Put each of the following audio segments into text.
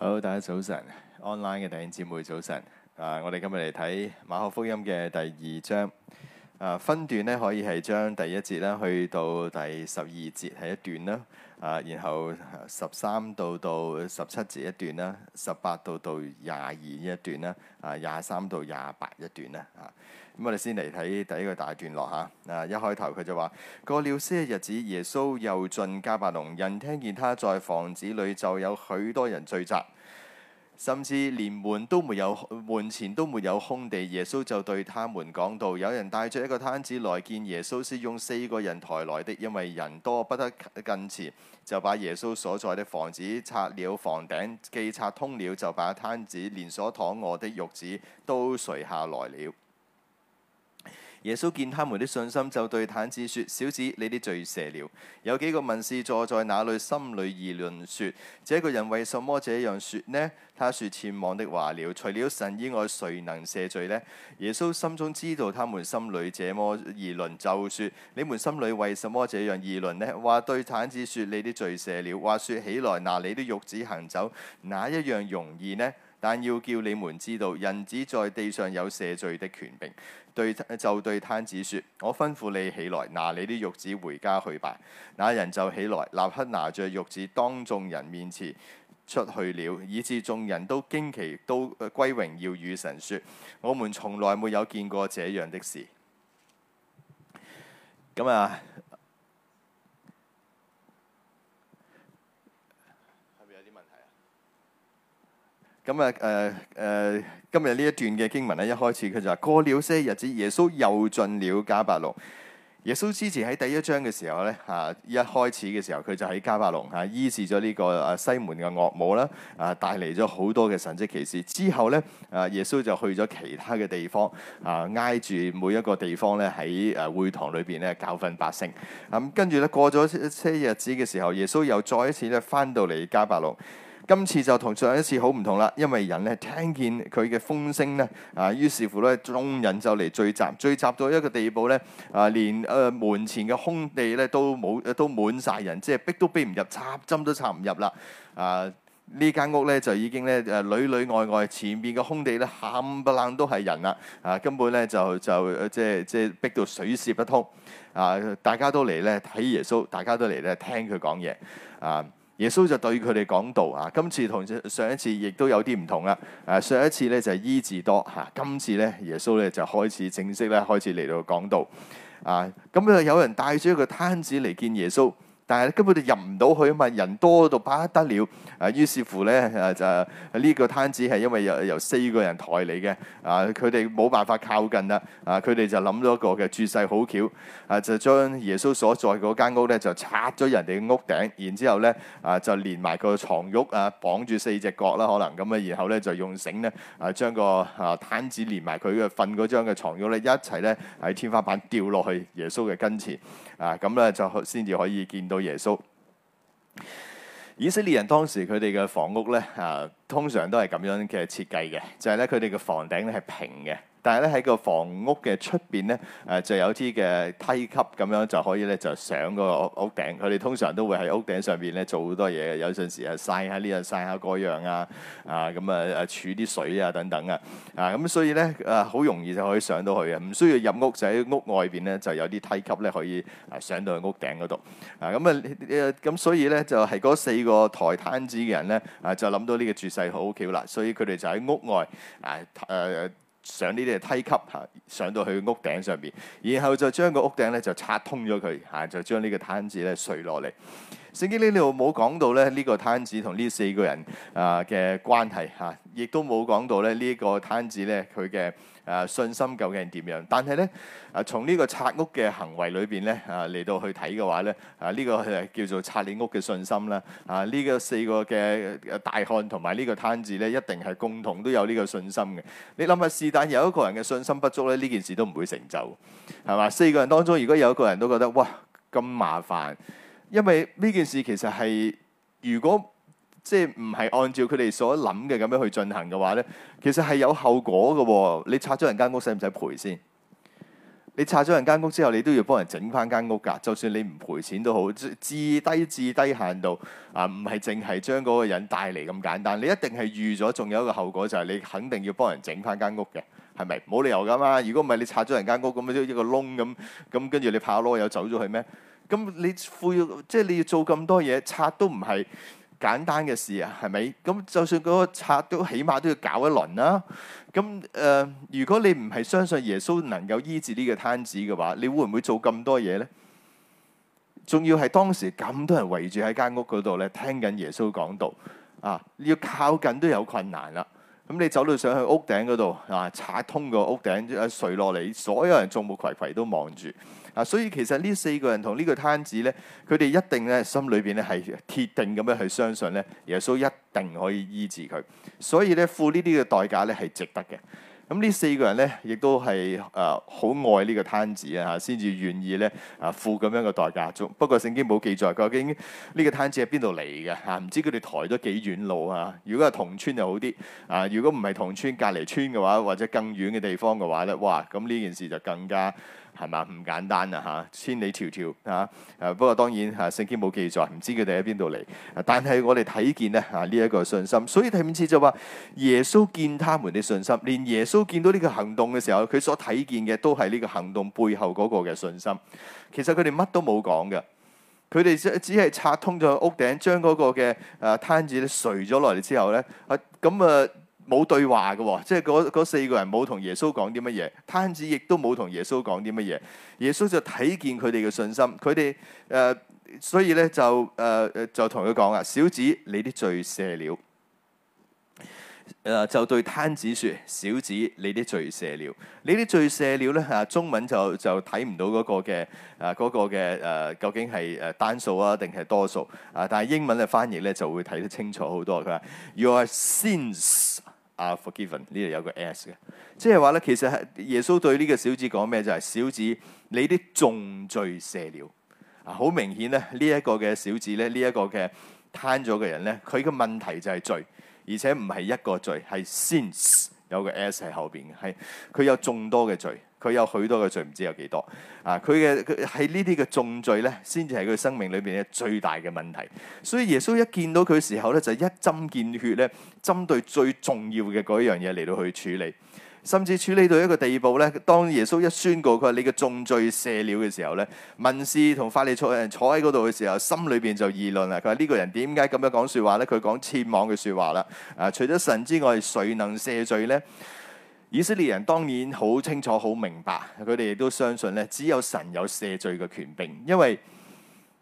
好，大家早晨。Online 嘅弟兄姊妹早晨。啊，我哋今日嚟睇馬可福音嘅第二章。啊、分段咧可以係將第一節咧去到第十二節係一段啦。啊，然後十三到到十七節一段啦，十八到到廿二呢一段啦。啊，廿三到廿八一段啦。啊，咁、嗯、我哋先嚟睇第一個大段落嚇。啊，一開頭佢就話過了些日子，耶穌又進迦百農，人聽見他在房子裏就有許多人聚集。甚至連門都沒有，門前都沒有空地。耶穌就對他們講道：有人帶著一個癱子來見耶穌，是用四個人抬來的，因為人多不得近前，就把耶穌所在的房子拆了房頂，房頂既拆通了，就把癱子連所躺卧的褥子都垂下來了。耶穌見他們的信心，就對癱子說：小子，你啲罪赦了。有幾個文士坐在那裏，心裏議論說：這個人為什麼這樣說呢？他說僭妄的話了。除了神以外，誰能赦罪呢？耶穌心中知道他們心裏這麼議論，就說：你們心裏為什麼這樣議論呢？話對癱子說：你啲罪赦了。話說起來，拿你啲褥子行走，哪一樣容易呢？但要叫你們知道，人子在地上有赦罪的權柄。對，就對癱子説：我吩咐你起來，拿你啲褥子回家去吧。那人就起來，立刻拿着褥子，當眾人面前出去了，以致眾人都驚奇，都歸榮耀與神説：我們從來沒有見過這樣的事。咁啊！咁啊誒誒，今日呢一段嘅經文咧，一開始佢就話過了些日子，耶穌又進了迦百農。耶穌之前喺第一章嘅時候咧，嚇一開始嘅時候佢就喺迦百農嚇醫治咗呢個啊西門嘅岳母啦，啊帶嚟咗好多嘅神跡奇事。之後咧啊，耶穌就去咗其他嘅地方，啊挨住每一個地方咧喺誒會堂裏邊咧教訓百姓。咁跟住咧過咗些日子嘅時候，耶穌又再一次咧返到嚟迦百農。今次就同上一次好唔同啦，因為人咧聽見佢嘅風聲咧，啊於是乎咧眾人就嚟聚集，聚集到一個地步咧，啊連誒、呃、門前嘅空地咧都冇，都滿晒人，即係逼都逼唔入，插針都插唔入啦。啊間呢間屋咧就已經咧誒裡裡外外前面嘅空地咧冚唪唥都係人啦，啊根本咧就就、呃、即係即係逼到水泄不通。啊大家都嚟咧睇耶穌，大家都嚟咧聽佢講嘢啊。耶穌就對佢哋講道啊！今次同上一次亦都有啲唔同啦。誒、啊、上一次咧就係、是、醫治多嚇、啊，今次咧耶穌咧就開始正式咧開始嚟到講道啊！咁就有人帶咗一個癱子嚟見耶穌。但係根本就入唔到去啊嘛，人多到不得了啊！於是乎咧啊就呢、呢個癱子係因為由由四個人抬嚟嘅啊，佢哋冇辦法靠近啦啊！佢哋就諗咗一個嘅絕世好橋，啊，就將耶穌所在嗰間屋咧就拆咗人哋嘅屋頂，然之後咧啊就連埋個床褥啊，綁住四隻角啦，可能咁啊，然後咧就用繩咧啊將個啊癱子連埋佢嘅瞓嗰張嘅床褥咧一齊咧喺天花板吊落去耶穌嘅跟前。啊，咁咧就先至可以見到耶穌。以色列人當時佢哋嘅房屋咧，啊，通常都係咁樣嘅設計嘅，就係咧佢哋嘅房頂咧係平嘅。但係咧喺個房屋嘅出邊咧，誒、啊、就有啲嘅梯級咁樣就可以咧就上個屋屋頂。佢哋通常都會喺屋頂上邊咧做好多嘢，有陣時係曬下呢樣曬下嗰樣啊，啊咁啊儲啲水啊等等啊，啊、嗯、咁所以咧誒好容易就可以上到去啊，唔需要入屋就喺屋外邊咧就有啲梯級咧可以誒上到去屋頂嗰度啊。咁啊咁所以咧就係嗰四個抬攤子嘅人咧啊就諗到呢個絕世好橋啦，所以佢哋就喺屋外誒誒。上呢啲嘅梯級嚇、啊，上到去屋頂上邊，然後就將個屋頂咧就拆通咗佢嚇，就將呢個癱子咧垂落嚟。聖經呢度冇講到咧呢個癱子同呢四個人啊嘅關係嚇，亦、啊、都冇講到咧呢個癱子咧佢嘅。誒、啊、信心究竟係點樣？但係咧，誒從呢個拆屋嘅行為裏邊咧，啊嚟到去睇嘅話咧，啊呢、這個係叫做拆你屋嘅信心啦。啊呢、這個四個嘅大漢同埋呢個攤子咧，一定係共同都有呢個信心嘅。你諗下，是但有一個人嘅信心不足咧，呢件事都唔會成就，係嘛？四個人當中，如果有一個人都覺得哇咁麻煩，因為呢件事其實係如果。即係唔係按照佢哋所諗嘅咁樣去進行嘅話呢？其實係有後果嘅。你拆咗人間屋使唔使賠先？你拆咗人間屋之後，你都要幫人整翻間屋㗎。就算你唔賠錢都好，至低至低限度啊，唔係淨係將嗰個人帶嚟咁簡單。你一定係預咗，仲有一個後果就係你肯定要幫人整翻間屋嘅，係咪？冇理由㗎嘛？如果唔係你拆咗人間屋，咁樣一個窿咁咁，跟住你跑囉又走咗去咩？咁你負即係你要做咁多嘢，拆都唔係簡單嘅事啊，係咪？咁就算嗰個賊都起碼都要搞一輪啦、啊。咁誒、呃，如果你唔係相信耶穌能夠醫治呢個攤子嘅話，你會唔會做咁多嘢呢？仲要係當時咁多人圍住喺間屋嗰度咧，聽緊耶穌講道啊，你要靠近都有困難啦、啊。咁你走到上去屋頂嗰度啊，拆通個屋頂墜落嚟，所有人眾目睽睽都望住。嗱、啊，所以其實呢四個人同呢個癱子咧，佢哋一定咧心裏邊咧係鐵定咁樣去相信咧，耶穌一定可以醫治佢，所以咧付呢啲嘅代價咧係值得嘅。咁、嗯、呢四個人咧亦都係誒好愛呢個癱子啊，嚇，先至願意咧誒付咁樣嘅代價。不過聖經冇記載究竟呢個癱子喺邊度嚟嘅嚇，唔、啊、知佢哋抬咗幾遠路啊？如果係同村就好啲啊，如果唔係同村隔離村嘅話，或者更遠嘅地方嘅話咧，哇！咁呢件事就更加～係嘛唔簡單啊！哈，千里迢迢啊！誒、啊，不過當然啊，聖經冇記載，唔知佢哋喺邊度嚟。但係我哋睇見咧啊，呢、啊、一、這個信心。所以第五次就話耶穌見他們的信心，連耶穌見到呢個行動嘅時候，佢所睇見嘅都係呢個行動背後嗰個嘅信心。其實佢哋乜都冇講嘅，佢哋只只係拆通咗屋頂，將嗰個嘅啊癱子咧垂咗落嚟之後咧啊咁啊。啊啊冇對話嘅喎、哦，即係嗰四個人冇同耶穌講啲乜嘢，癱子亦都冇同耶穌講啲乜嘢。耶穌就睇見佢哋嘅信心，佢哋誒，所以咧就誒誒、呃，就同佢講啊，小子，你啲罪赦了。誒、呃，就對癱子説，小子，你啲罪赦了。你啲罪赦了咧嚇、啊，中文就就睇唔到嗰個嘅誒嗰個嘅誒，究竟係誒單數啊定係多數啊？但係英文嘅翻譯咧就會睇得清楚好多。佢話 Your sins。啊，forgiven 呢度有個 s 嘅，即係話咧，其實係耶穌對呢個小子講咩就係、是、小子，你啲重罪赦了。啊，好明顯咧，呢、這、一個嘅小子咧，呢、這、一個嘅攤咗嘅人咧，佢嘅問題就係罪，而且唔係一個罪，係 sins 有個 s 喺後邊嘅，係佢有眾多嘅罪。佢有許多嘅罪，唔知有幾多啊！佢嘅喺呢啲嘅重罪咧，先至係佢生命裏邊嘅最大嘅問題。所以耶穌一見到佢嘅時候咧，就一針見血咧，針對最重要嘅嗰樣嘢嚟到去處理，甚至處理到一個地步咧。當耶穌一宣告佢話你嘅重罪赦了嘅時候咧，文士同法利賽人坐喺嗰度嘅時候，心裏邊就議論啦。佢話呢個人點解咁樣講説話咧？佢講僭妄嘅説話啦。啊，除咗神之外，誰能赦罪咧？以色列人當然好清楚、好明白，佢哋亦都相信咧，只有神有赦罪嘅權柄，因為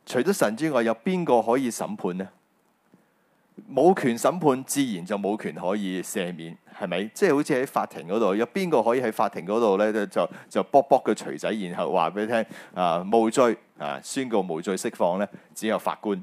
除咗神之外，有邊個可以審判咧？冇權審判，自然就冇權可以赦免，係咪？即係好似喺法庭嗰度，有邊個可以喺法庭嗰度咧？就就卜卜個錘仔，然後話俾你聽啊，無罪啊，宣告無罪釋放咧，只有法官，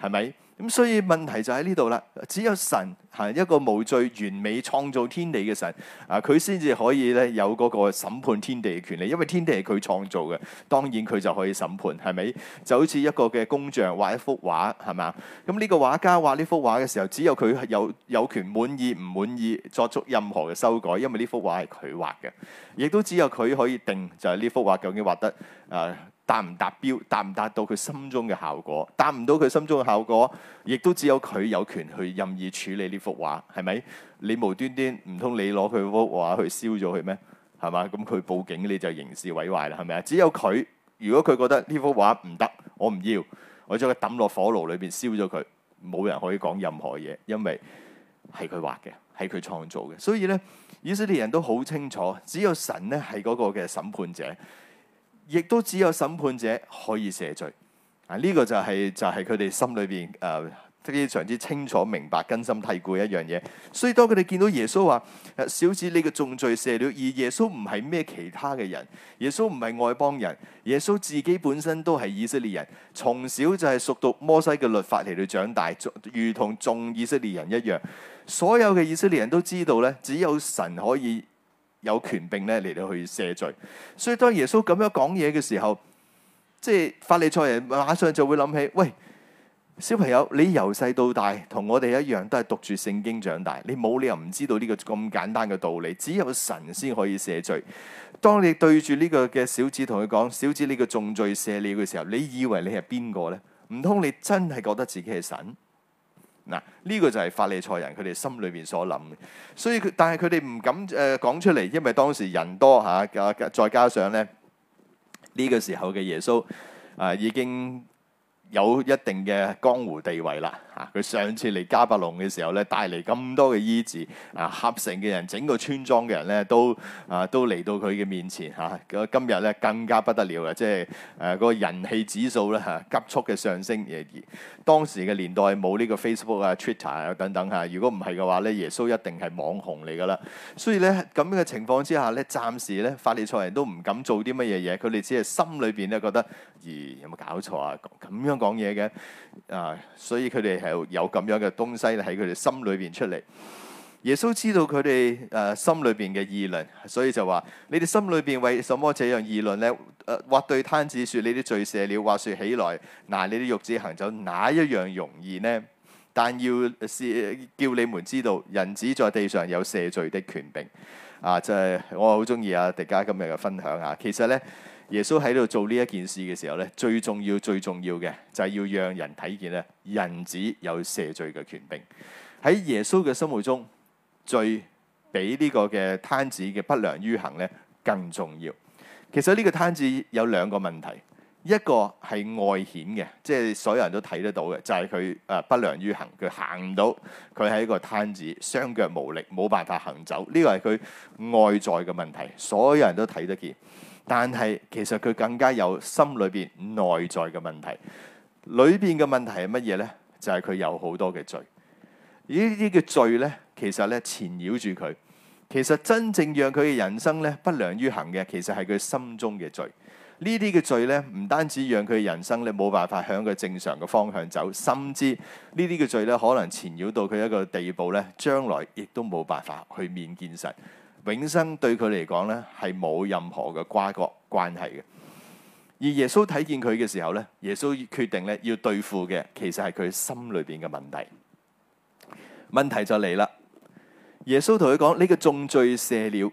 係咪？咁所以問題就喺呢度啦。只有神係一個無罪、完美創造天地嘅神，啊佢先至可以咧有嗰個審判天地嘅權利，因為天地係佢創造嘅，當然佢就可以審判，係咪？就好似一個嘅工匠畫一幅畫，係咪啊，咁呢個畫家畫呢幅畫嘅時候，只有佢有有權滿意唔滿意，作出任何嘅修改，因為呢幅畫係佢畫嘅，亦都只有佢可以定就係呢幅畫究竟畫得啊。達唔達標，達唔達到佢心中嘅效果，達唔到佢心中嘅效果，亦都只有佢有權去任意處理呢幅畫，係咪？你無端端唔通你攞佢幅畫去燒咗佢咩？係嘛？咁佢報警你就刑事毀壞啦，係咪啊？只有佢，如果佢覺得呢幅畫唔得，我唔要，我將佢抌落火爐裏邊燒咗佢，冇人可以講任何嘢，因為係佢畫嘅，係佢創造嘅。所以呢，以色列人都好清楚，只有神呢係嗰個嘅審判者。亦都只有審判者可以赦罪，啊呢、這個就係、是、就係佢哋心裏面誒、呃、非常之清楚明白根深蒂固嘅一樣嘢。所以當佢哋見到耶穌話、啊：，小子，你嘅重罪赦了。而耶穌唔係咩其他嘅人，耶穌唔係外邦人，耶穌自己本身都係以色列人，從小就係熟讀摩西嘅律法嚟到長大，如同眾以色列人一樣。所有嘅以色列人都知道呢，只有神可以，有權柄咧嚟到去赦罪，所以當耶穌咁樣講嘢嘅時候，即係法利賽人馬上就會諗起：喂，小朋友，你由細到大同我哋一樣，都係讀住聖經長大，你冇理由唔知道呢個咁簡單嘅道理。只有神先可以赦罪。當你對住呢個嘅小子同佢講：小子，呢個重罪赦你嘅時候，你以為你係邊個呢？唔通你真係覺得自己係神？嗱，呢個就係法利賽人佢哋心裏邊所諗，所以佢但係佢哋唔敢誒講、呃、出嚟，因為當時人多嚇、啊，再加上咧呢、呢個時候嘅耶穌啊、呃、已經有一定嘅江湖地位啦。啊！佢上次嚟迦百農嘅時候咧，帶嚟咁多嘅醫治啊，合城嘅人，整個村莊嘅人咧，都啊都嚟到佢嘅面前嚇、啊。今日咧更加不得了，了、就是、啊！即係誒嗰個人氣指數咧嚇、啊、急速嘅上升。當時嘅年代冇呢個 Facebook 啊、Twitter 啊等等嚇、啊。如果唔係嘅話咧，耶穌一定係網紅嚟噶啦。所以咧咁嘅情況之下咧，暫時咧法利賽人都唔敢做啲乜嘢嘢，佢哋只係心裏邊咧覺得，咦、欸、有冇搞錯啊？咁樣講嘢嘅。啊，所以佢哋係有咁樣嘅東西喺佢哋心裏邊出嚟。耶穌知道佢哋誒心裏邊嘅議論，所以就話：你哋心裏邊為什麼這樣議論呢？誒、啊，或對癱子說你啲罪赦了，或說起來，嗱，你啲褥子行走，哪一樣容易呢？但要是、啊、叫你們知道，人子在地上有赦罪的權柄。啊，就係、是、我好中意啊，迪嘉今日嘅分享啊，其實呢。耶穌喺度做呢一件事嘅時候咧，最重要、最重要嘅就係要讓人睇見咧，人子有赦罪嘅權柄。喺耶穌嘅生活中，罪比呢個嘅癱子嘅不良於行咧更重要。其實呢個癱子有兩個問題，一個係外顯嘅，即係所有人都睇得到嘅，就係佢誒不良於行，佢行唔到，佢係一個癱子，雙腳無力，冇辦法行走。呢個係佢外在嘅問題，所有人都睇得見。但係，其實佢更加有心裏邊內在嘅問題，裏邊嘅問題係乜嘢呢？就係佢有好多嘅罪，而呢啲嘅罪呢，其實咧纏繞住佢。其實真正讓佢嘅人生呢，不良於行嘅，其實係佢心中嘅罪。呢啲嘅罪呢，唔單止讓佢嘅人生呢冇辦法向一個正常嘅方向走，甚至呢啲嘅罪呢，可能纏繞到佢一個地步呢，將來亦都冇辦法去面見神。永生對佢嚟講咧係冇任何嘅瓜葛關係嘅，而耶穌睇見佢嘅時候咧，耶穌決定咧要對付嘅其實係佢心裏邊嘅問題。問題就嚟啦，耶穌同佢講，呢個重罪赦了，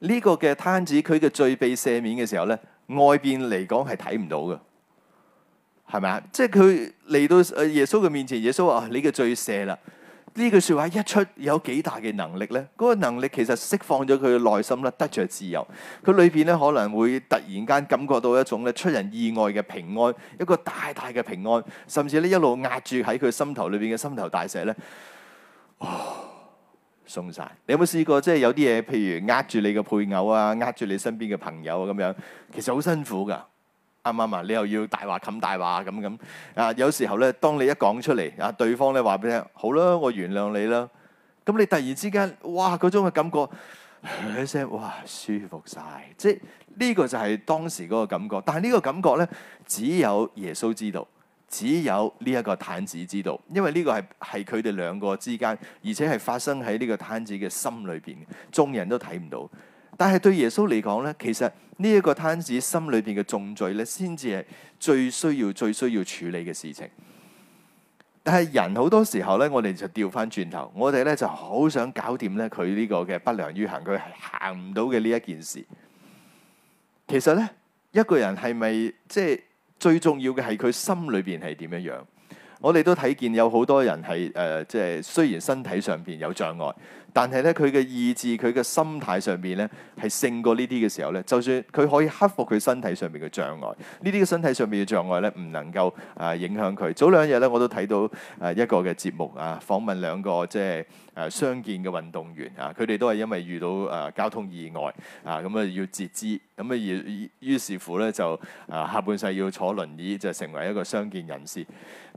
呢個嘅攤子佢嘅罪被赦免嘅時候咧，外邊嚟講係睇唔到嘅，係咪啊？即係佢嚟到耶穌嘅面前，耶穌話：啊，你嘅罪赦啦。呢句説話一出，有幾大嘅能力呢？嗰、那個能力其實釋放咗佢嘅內心咧，得着自由。佢裏邊咧可能會突然間感覺到一種咧出人意外嘅平安，一個大大嘅平安，甚至咧一路壓住喺佢心頭裏邊嘅心頭大石呢。哦鬆晒！你有冇試過即係有啲嘢，譬如壓住你嘅配偶啊，壓住你身邊嘅朋友啊咁樣，其實好辛苦㗎。啱唔啱？你又要大話冚大話咁咁啊！有時候咧，當你一講出嚟啊，對方咧話俾你聽，好啦，我原諒你啦。咁你突然之間，哇，嗰種嘅感覺，一聲哇，舒服晒。即係呢、這個就係當時嗰個感覺。但係呢個感覺咧，只有耶穌知道，只有呢一個癱子知道，因為呢個係係佢哋兩個之間，而且係發生喺呢個癱子嘅心裏邊，眾人都睇唔到。但係對耶穌嚟講咧，其實呢一個癱子心裏邊嘅重罪咧，先至係最需要、最需要處理嘅事情。但係人好多時候咧，我哋就掉返轉頭，我哋咧就好想搞掂咧佢呢個嘅不良於行，佢係行唔到嘅呢一件事。其實咧，一個人係咪即係最重要嘅係佢心裏邊係點樣樣？我哋都睇見有好多人係誒、即、呃、係、就是、雖然身體上邊有障礙。但係咧，佢嘅意志、佢嘅心態上面咧，係勝過呢啲嘅時候咧。就算佢可以克服佢身體上面嘅障礙，呢啲嘅身體上面嘅障礙咧，唔能夠啊、呃、影響佢。早兩日咧，我都睇到啊、呃、一個嘅節目啊，訪問兩個即係。誒傷健嘅運動員啊，佢哋都係因為遇到誒、啊、交通意外啊，咁啊要截肢，咁啊於於，於是乎咧就誒、啊、下半世要坐輪椅，就成為一個傷健人士。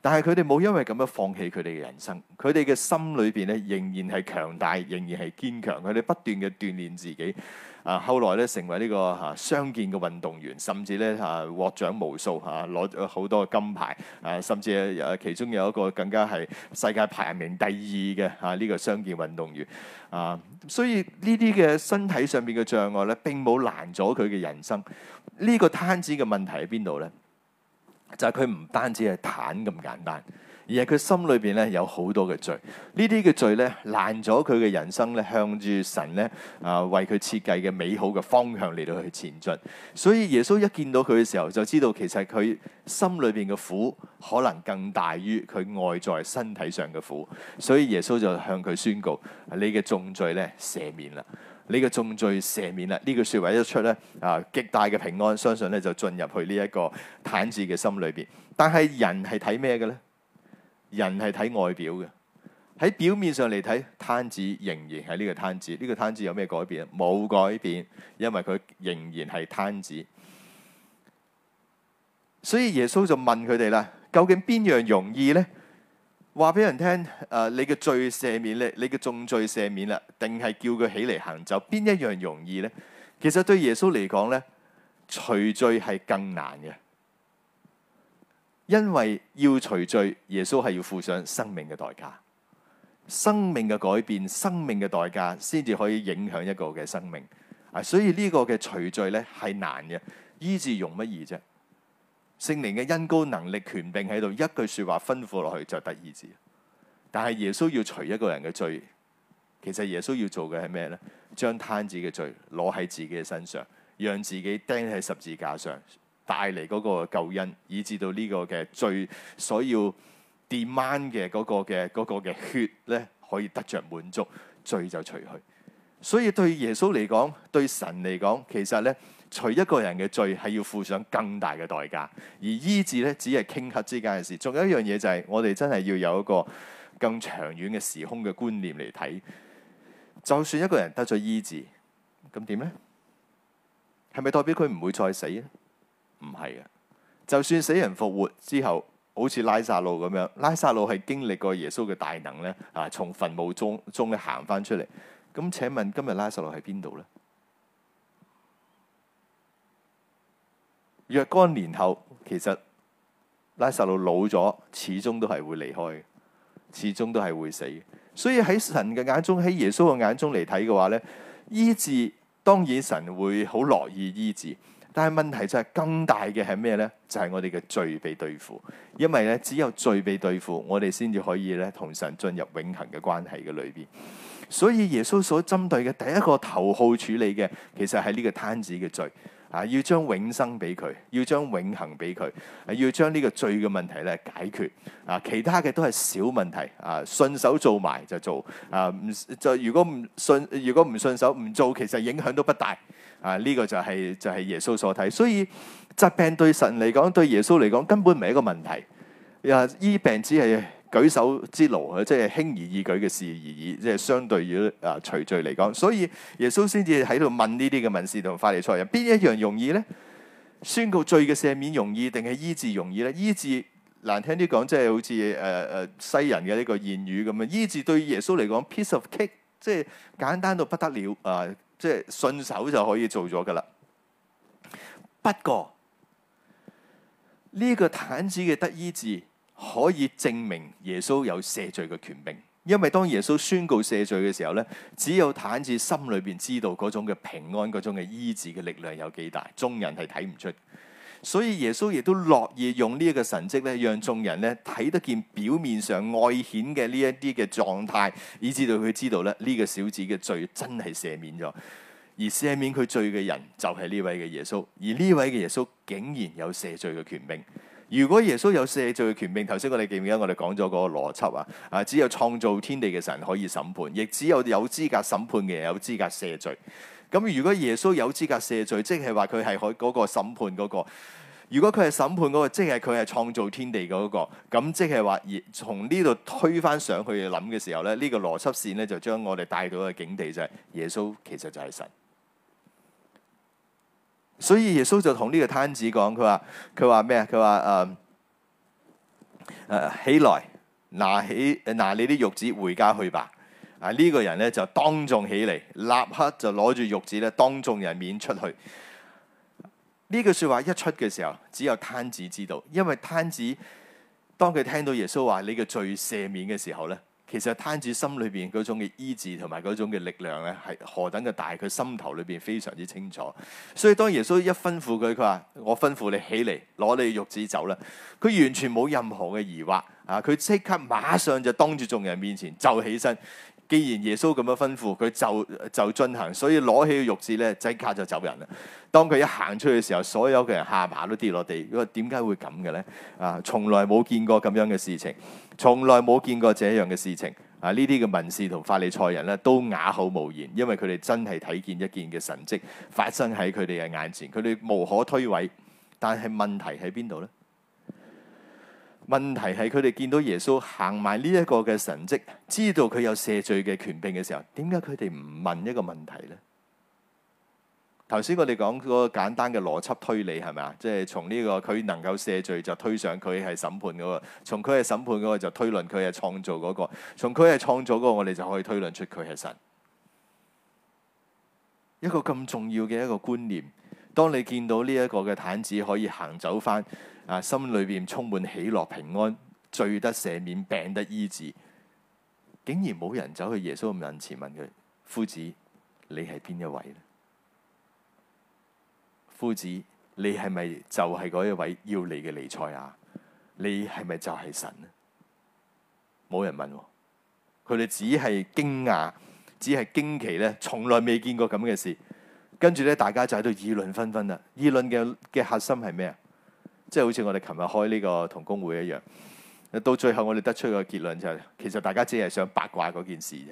但係佢哋冇因為咁樣放棄佢哋嘅人生，佢哋嘅心裏邊咧仍然係強大，仍然係堅強，佢哋不斷嘅鍛鍊自己。啊，後來咧成為呢、這個啊傷健嘅運動員，甚至咧啊獲獎無數嚇，攞、啊、好多金牌啊，甚至誒其中有一個更加係世界排名第二嘅啊呢、這個傷健運動員啊，所以呢啲嘅身體上面嘅障礙咧並冇攔阻佢嘅人生。呢、這個癱子嘅問題喺邊度咧？就係佢唔單止係癱咁簡單。而係佢心裏邊咧有好多嘅罪，罪呢啲嘅罪咧爛咗佢嘅人生咧，向住神咧啊，為佢設計嘅美好嘅方向嚟到去前進。所以耶穌一見到佢嘅時候，就知道其實佢心裏邊嘅苦可能更大於佢外在身體上嘅苦。所以耶穌就向佢宣告：你嘅重罪咧赦免啦，你嘅重罪赦免啦。呢句説話一出咧啊，極大嘅平安，相信咧就進入去呢一個癱子嘅心裏邊。但係人係睇咩嘅咧？人係睇外表嘅，喺表面上嚟睇，癱子仍然係呢個癱子，呢個癱子有咩改變啊？冇改變，因為佢仍然係癱子。所以耶穌就問佢哋啦，究竟邊樣容易呢？話俾人聽，誒，你嘅罪赦免咧，你嘅重罪赦免啦，定係叫佢起嚟行走？邊一樣容易呢？其實對耶穌嚟講呢，除罪係更難嘅。因為要除罪，耶穌係要付上生命嘅代價，生命嘅改變，生命嘅代價先至可以影響一個嘅生命。啊、所以呢個嘅除罪呢，係難嘅，醫治容乜易啫？聖靈嘅恩膏能力權柄喺度，一句說話吩咐落去就得醫治。但係耶穌要除一個人嘅罪，其實耶穌要做嘅係咩呢？將癱子嘅罪攞喺自己嘅身上，讓自己釘喺十字架上。帶嚟嗰個救恩，以至到呢個嘅罪，所要 demand 嘅嗰個嘅嗰個嘅血咧，可以得着滿足，罪就除去。所以對耶穌嚟講，對神嚟講，其實咧，除一個人嘅罪係要付上更大嘅代價，而醫治咧只係傾刻之間嘅事。仲有一樣嘢就係、是，我哋真係要有一個更長遠嘅時空嘅觀念嚟睇。就算一個人得咗醫治，咁點呢？係咪代表佢唔會再死咧？唔係啊，就算死人復活之後，好似拉撒路咁樣，拉撒路係經歷過耶穌嘅大能咧啊，從墳墓中中行翻出嚟。咁請問今日拉撒路喺邊度呢？若干年後，其實拉撒路老咗，始終都係會離開，始終都係會死。所以喺神嘅眼中，喺耶穌嘅眼中嚟睇嘅話咧，醫治當然神會好樂意醫治。但係問題就係、是、更大嘅係咩呢？就係、是、我哋嘅罪被對付，因為咧只有罪被對付，我哋先至可以咧同神進入永恆嘅關係嘅裏邊。所以耶穌所針對嘅第一個頭號處理嘅，其實係呢個攤子嘅罪啊，要將永生俾佢，要將永恆俾佢啊，要將呢個罪嘅問題咧解決啊。其他嘅都係小問題啊，順手做埋就做啊，唔就如果唔順，如果唔順手唔做，其實影響都不大。啊！呢、這個就係、是、就係、是、耶穌所睇，所以疾病對神嚟講，對耶穌嚟講根本唔係一個問題。啊，醫病只係舉手之勞，即係輕而易舉嘅事而已。即係相對於啊除罪嚟講，所以耶穌先至喺度問呢啲嘅文士同法利賽人，邊一樣容易咧？宣告罪嘅赦免容易定係醫治容易咧？醫治難聽啲講，即係好似誒誒西人嘅呢個言語咁樣。醫治對耶穌嚟講 piece of cake，即係簡單到不得了啊！啊即係順手就可以做咗噶啦。不過呢、這個癱子嘅得醫治，可以證明耶穌有赦罪嘅權柄。因為當耶穌宣告赦罪嘅時候呢，只有癱子心裏邊知道嗰種嘅平安、嗰種嘅醫治嘅力量有幾大，眾人係睇唔出。所以耶穌亦都樂意用呢一個神跡咧，讓眾人咧睇得見表面上外顯嘅呢一啲嘅狀態，以致到佢知道咧呢個小子嘅罪真係赦免咗，而赦免佢罪嘅人就係呢位嘅耶穌。而呢位嘅耶穌竟然有赦罪嘅權柄。如果耶穌有赦罪嘅權柄，頭先我哋記唔記得我哋講咗嗰個邏輯啊？啊，只有創造天地嘅神可以審判，亦只有有資格審判嘅人有資格赦罪。咁如果耶穌有資格赦罪，即係話佢係可嗰個審判嗰個；如果佢係審判嗰個，即係佢係創造天地嗰個。咁即係話，從呢度推返上去諗嘅時候咧，呢個邏輯線咧就將我哋帶到嘅境地就係耶穌其實就係神。所以耶穌就同呢個癱子講，佢話佢話咩啊？佢話誒誒起來，拿起拿你啲褥子回家去吧。啊！呢個人咧就當眾起嚟，立刻就攞住褥子咧，當眾人面出去。呢句説話一出嘅時候，只有癱子知道，因為癱子當佢聽到耶穌話你嘅罪赦免嘅時候咧，其實癱子心裏邊嗰種嘅醫治同埋嗰種嘅力量咧，係何等嘅大，佢心頭裏邊非常之清楚。所以當耶穌一吩咐佢，佢話：我吩咐你起嚟，攞你嘅褥子走啦。佢完全冇任何嘅疑惑啊！佢即刻馬上就當住眾人面前就起身。既然耶穌咁樣吩咐，佢就就進行，所以攞起個褥子咧，即刻就走人啦。當佢一行出去嘅時候，所有嘅人下巴都跌落地。如果點解會咁嘅咧？啊，從來冇見過咁樣嘅事情，從來冇見過這樣嘅事情。啊，呢啲嘅文士同法利賽人咧，都啞口無言，因為佢哋真係睇見一件嘅神跡發生喺佢哋嘅眼前，佢哋無可推諉。但係問題喺邊度咧？問題係佢哋見到耶穌行埋呢一個嘅神跡，知道佢有赦罪嘅權柄嘅時候，點解佢哋唔問一個問題呢？頭先我哋講嗰、那個簡單嘅邏輯推理係咪啊？即係、就是、從呢、這個佢能夠赦罪就推上佢係審判嗰、那個，從佢係審判嗰、那個就推論佢係創造嗰、那個，從佢係創造嗰、那個，我哋就可以推論出佢係神。一個咁重要嘅一個觀念，當你見到呢一個嘅毯子可以行走返。啊！心裏邊充滿喜樂平安，罪得赦免，病得醫治，竟然冇人走去耶穌面前問佢：夫子，你係邊一位咧？夫子，你係咪就係嗰一位要嚟嘅彌賽亞？你係咪就係神咧？冇人問、哦，佢哋只係驚訝，只係驚奇呢，從來未見過咁嘅事。跟住呢，大家就喺度議論紛紛啦。議論嘅嘅核心係咩啊？即係好似我哋琴日開呢個同工會一樣，到最後我哋得出個結論就係、是，其實大家只係想八卦嗰件事啫。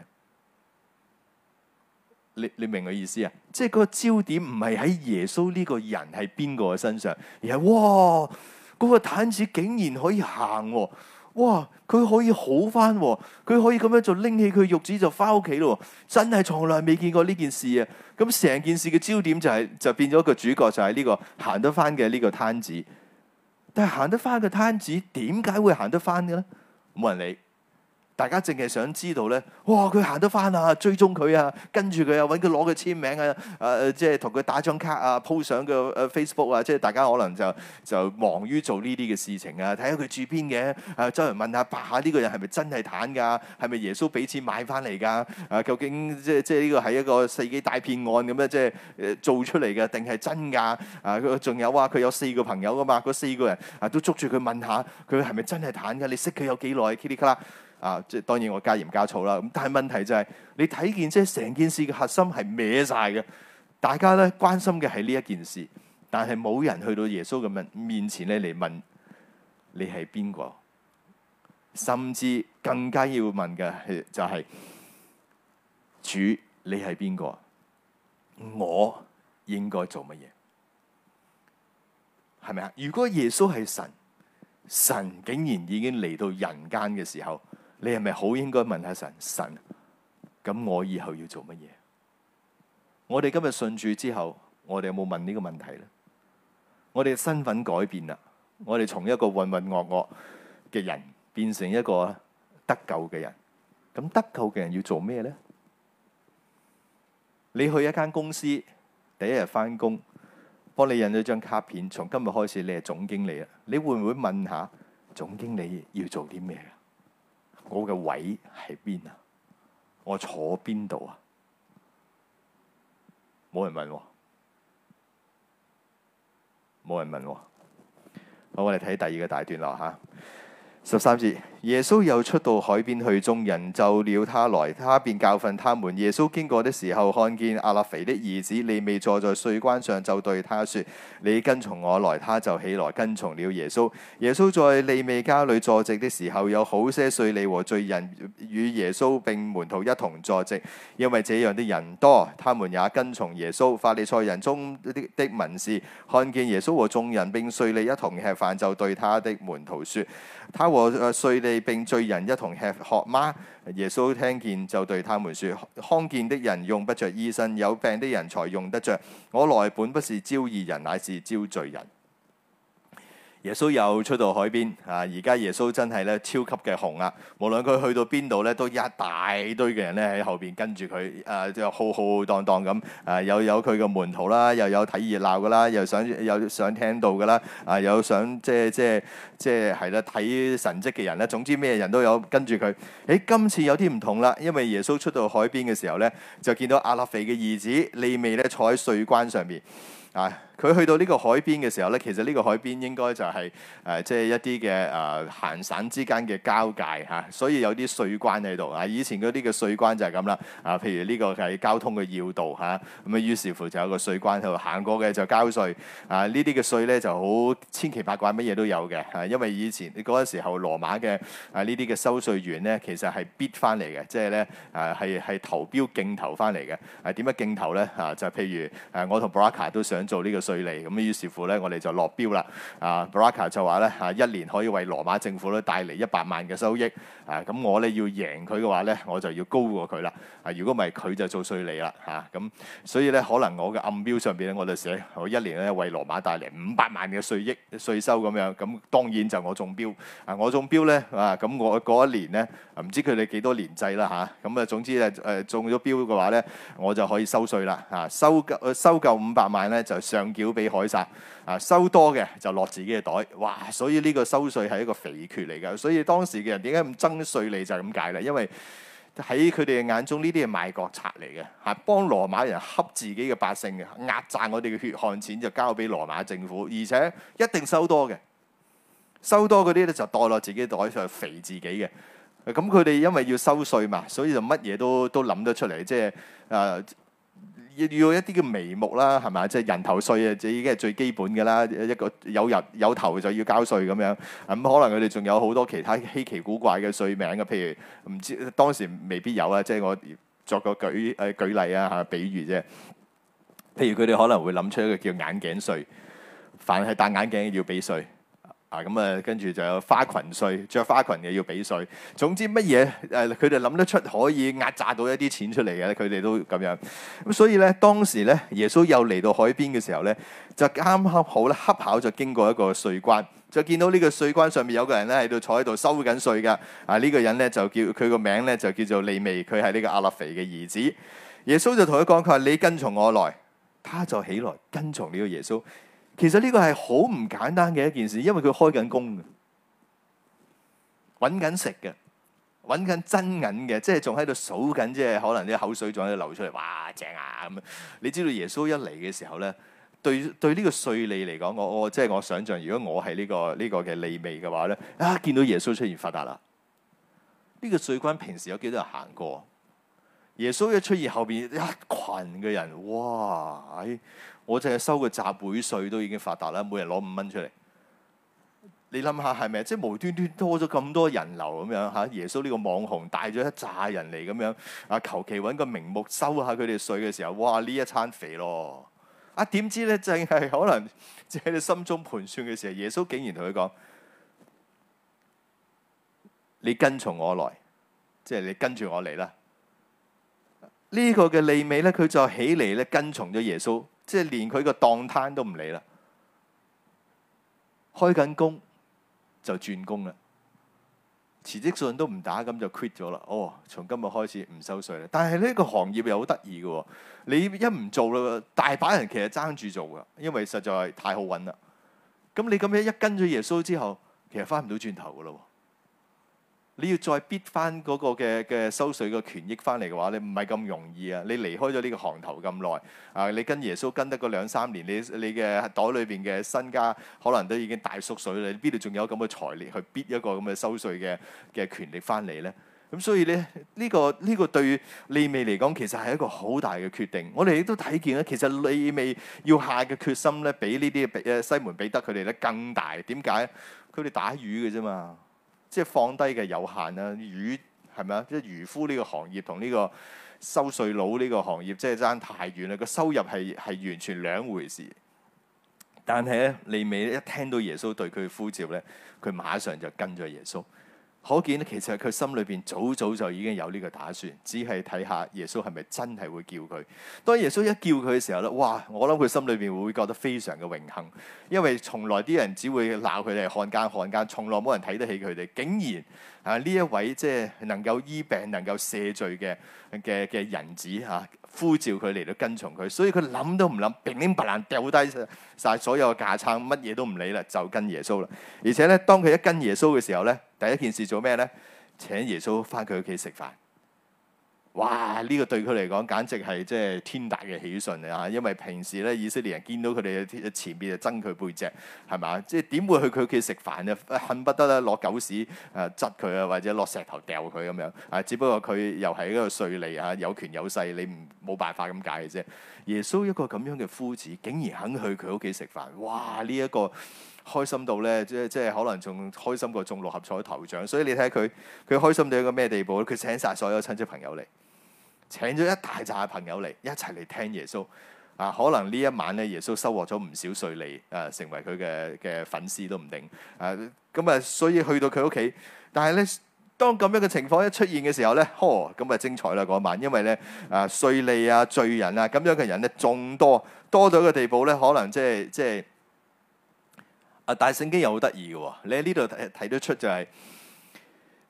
你你明我意思啊？即係個焦點唔係喺耶穌呢個人係邊個嘅身上，而係哇嗰、那個癱子竟然可以行喎、啊，哇佢可以好翻喎，佢可以咁樣就拎起佢褥子就翻屋企咯，真係從來未見過呢件事啊！咁成件事嘅焦點就係、是、就變咗個主角就喺呢個行得翻嘅呢個癱子。但係行得翻嘅攤子，點解會行得翻嘅咧？冇人理。大家淨係想知道咧，哇！佢行得翻啊，追蹤佢啊，跟住佢啊，揾佢攞佢簽名啊，誒即係同佢打張卡啊，po 上個誒 Facebook 啊，即係大家可能就就忙於做呢啲嘅事情啊，睇下佢住邊嘅，啊，周圍問下，拍下呢個人係咪真係癱噶？係咪耶穌俾錢買翻嚟噶？啊，究竟即係即係呢個係一個世紀大騙案咁咩？即係做出嚟嘅定係真㗎？啊，仲有哇，佢、啊、有四個朋友噶嘛，嗰四個人啊都捉住佢問下，佢係咪真係癱㗎？你識佢有幾耐 click 啊！即係當然，我加鹽加醋啦。咁但係問題就係、是，你睇見即係成件事嘅核心係咩晒嘅。大家咧關心嘅係呢一件事，但係冇人去到耶穌嘅面面前咧嚟問你係邊個。甚至更加要問嘅係就係、是、主，你係邊個？我應該做乜嘢？係咪啊？如果耶穌係神，神竟然已經嚟到人間嘅時候。你係咪好應該問下神？神咁，我以後要做乜嘢？我哋今日信主之後，我哋有冇問呢個問題呢？我哋身份改變啦，我哋從一個混混惡惡嘅人變成一個得救嘅人。咁得救嘅人要做咩呢？你去一間公司，第一日翻工，幫你印咗張卡片，從今日開始你係總經理啦。你會唔會問下總經理要做啲咩？我嘅位喺邊啊？我坐邊度啊？冇人問喎，冇人問喎。好，我哋睇第二個大段落吓。十三節，耶穌又出到海邊去，眾人就了他來，他便教訓他們。耶穌經過的時候，看見亞勒腓的兒子利未坐在稅關上，就對他說：你跟從我來。他就起來跟從了耶穌。耶穌在利未家裏坐席的時候，有好些稅吏和罪人與耶穌並門徒一同坐席，因為這樣的人多，他們也跟從耶穌。法利賽人中的的文士看見耶穌和眾人並稅吏一同吃飯，就對他的門徒說：他和誒稅吏並罪人一同吃喝嗎？耶穌聽見就對他們說：「康健的人用不着醫生，有病的人才用得着。」我來本不是招義人，乃是招罪人。耶穌又出到海邊啊！而家耶穌真係咧超級嘅紅啦，無論佢去到邊度咧，都一大堆嘅人咧喺後邊跟住佢，誒、啊、就浩浩蕩蕩咁啊！有有佢嘅門徒啦，又有睇熱鬧嘅啦，又想有想聽到嘅啦，啊有想即係即係即係係啦睇神跡嘅人咧，總之咩人都有跟住佢。誒今次有啲唔同啦，因為耶穌出到海邊嘅時候咧，就見到亞勒腓嘅兒子利未咧坐喺稅關上面。啊！佢去到呢個海邊嘅時候咧，其實呢個海邊應該就係、是、誒，即、啊、係、就是、一啲嘅誒行省之間嘅交界嚇、啊，所以有啲稅關喺度啊。以前嗰啲嘅稅關就係咁啦啊。譬如呢個係交通嘅要道嚇，咁啊於是乎就有個稅關喺度行過嘅就交稅啊。稅呢啲嘅稅咧就好千奇百怪，乜嘢都有嘅嚇、啊。因為以前嗰個時候羅馬嘅啊呢啲嘅收稅員咧，其實係 bid 翻嚟嘅，即係咧誒係係投標競投翻嚟嘅。係、啊、點樣競投咧？嚇、啊、就是、譬如誒我同 Braca 都想。想做呢個稅利，咁，於是乎咧，我哋就落標啦。啊，Baraka 就話咧，啊，一年可以為羅馬政府咧帶嚟一百萬嘅收益。啊，咁我咧要贏佢嘅話咧，我就要高過佢啦。啊，如果唔係佢就做稅吏啦。嚇、啊，咁、啊、所以咧可能我嘅暗標上邊咧，我就寫我一年咧為羅馬帶嚟五百萬嘅稅益、稅收咁樣。咁當然就我中標。啊，我中標咧，啊，咁我嗰一年咧，唔知佢哋幾多年制啦嚇。咁啊，啊，總之咧誒、呃、中咗標嘅話咧，我就可以收稅啦。啊，收夠、呃、收夠五百萬咧，就上繳俾凱撒。啊，收多嘅就落自己嘅袋，哇！所以呢個收稅係一個肥缺嚟嘅，所以當時嘅人點解咁憎稅吏就咁解咧？因為喺佢哋嘅眼中呢啲係賣國賊嚟嘅，嚇，幫羅馬人恰自己嘅百姓嘅，壓榨我哋嘅血汗錢就交俾羅馬政府，而且一定收多嘅，收多嗰啲咧就袋落自己袋上去肥自己嘅。咁佢哋因為要收稅嘛，所以就乜嘢都都諗得出嚟，即係啊。要要一啲叫眉目啦，係咪？即係人頭稅啊，即係已經係最基本嘅啦。一個有人有頭就要交稅咁樣。咁、嗯、可能佢哋仲有好多其他稀奇古怪嘅稅名嘅，譬如唔知當時未必有啊。即係我作個舉誒舉例啊，嚇，比喻啫。譬如佢哋可能會諗出一個叫眼鏡稅，凡係戴眼鏡要俾稅。啊咁啊，跟住就有花裙稅，着花裙又要俾稅。總之乜嘢誒，佢哋諗得出可以壓榨到一啲錢出嚟嘅咧，佢哋都咁樣。咁、啊、所以咧，當時咧，耶穌又嚟到海邊嘅時候咧，就啱啱好咧恰巧就經過一個稅關，就見到呢個稅關上面有個人咧喺度坐喺度收緊稅嘅。啊呢、呢個人咧就叫佢個名咧就叫做利未，佢係呢個亞勒腓嘅兒子。耶穌就同佢講：佢話你跟從我來，他就起來跟從呢個耶穌。其實呢個係好唔簡單嘅一件事，因為佢開緊工嘅，揾緊食嘅，揾緊真銀嘅，即係仲喺度數緊，即係可能啲口水仲喺度流出嚟，哇，正啊。咁你知道耶穌一嚟嘅時候咧，對對呢個稅吏嚟講，我我即係我想象，如果我係呢、這個呢、這個嘅利未嘅話咧，啊見到耶穌出現發達啦！呢、這個稅關平時有幾多人行過？耶穌一出現後邊一群嘅人，哇喺～、哎我淨係收個集會稅都已經發達啦，每人攞五蚊出嚟。你諗下係咪？即係無端端多咗咁多人流咁樣嚇，耶穌呢個網紅帶咗一揸人嚟咁樣啊，求其揾個名目收下佢哋稅嘅時候，哇！呢一餐肥咯啊！點知呢？淨係可能即係你心中盤算嘅時候，耶穌竟然同佢講：你跟從我來，即係你跟住我嚟啦。呢、這個嘅利未呢，佢就起嚟咧跟從咗耶穌。即係連佢個檔攤都唔理啦，開緊工就轉工啦，辭職信都唔打，咁就 quit 咗啦。哦，從今日開始唔收稅啦。但係呢個行業又好得意㗎喎，你一唔做啦，大把人其實爭住做㗎，因為實在太好揾啦。咁你咁樣一跟咗耶穌之後，其實翻唔到轉頭嘅咯。你要再逼翻嗰個嘅嘅收稅嘅權益翻嚟嘅話，你唔係咁容易啊！你離開咗呢個行頭咁耐啊，你跟耶穌跟得嗰兩三年，你你嘅袋裏邊嘅身家可能都已經大縮水啦，你邊度仲有咁嘅財力去逼一個咁嘅收稅嘅嘅權力翻嚟咧？咁所以咧，呢個呢個對利未嚟講，其實係一個好大嘅決定。我哋亦都睇見咧，其實利未要下嘅決心咧，比呢啲嘅西門彼得佢哋咧更大。點解？佢哋打魚嘅啫嘛。即係放低嘅有限啦，漁係咪啊？即係漁夫呢個行業同呢個收稅佬呢個行業，即係爭太遠啦。個收入係係完全兩回事。但係咧，利未一聽到耶穌對佢嘅呼召咧，佢馬上就跟咗耶穌。可見咧，其實佢心裏邊早早就已經有呢個打算，只係睇下耶穌係咪真係會叫佢。當耶穌一叫佢嘅時候咧，哇！我諗佢心裏邊會覺得非常嘅榮幸，因為從來啲人只會鬧佢哋係漢奸漢奸，從來冇人睇得起佢哋，竟然啊呢一位即係能夠醫病、能夠赦罪嘅嘅嘅人子啊！呼召佢嚟到跟從佢，所以佢諗都唔諗，擗擗唪唥掉低晒所有架撐，乜嘢都唔理啦，就跟耶穌啦。而且咧，當佢一跟耶穌嘅時候咧，第一件事做咩咧？請耶穌翻佢屋企食飯。哇！呢、這個對佢嚟講簡直係即係天大嘅喜訊啊！因為平時咧，以色列人見到佢哋喺前邊就憎佢背脊，係咪？即係點會去佢屋企食飯咧？恨不得咧攞狗屎啊，窒佢啊，或者落石頭掉佢咁樣啊！只不過佢又係一個稅吏啊，有權有勢，你唔冇辦法咁解嘅啫。耶穌一個咁樣嘅夫子，竟然肯去佢屋企食飯，哇！呢、這、一個開心到咧，即即係可能仲開心過中六合彩頭獎。所以你睇佢，佢開心到一個咩地步咧？佢請晒所有親戚朋友嚟。請咗一大紮朋友嚟，一齊嚟聽耶穌。啊，可能呢一晚咧，耶穌收穫咗唔少稅吏，誒、呃，成為佢嘅嘅粉絲都唔定。誒、啊，咁啊，所以去到佢屋企，但係咧，當咁樣嘅情況一出現嘅時候咧，呵、哦，咁啊精彩啦嗰晚，因為咧，啊稅吏啊罪人啊咁樣嘅人咧仲多，多咗個地步咧，可能即係即係啊，但係聖經又好得意嘅，你喺呢度睇得出就係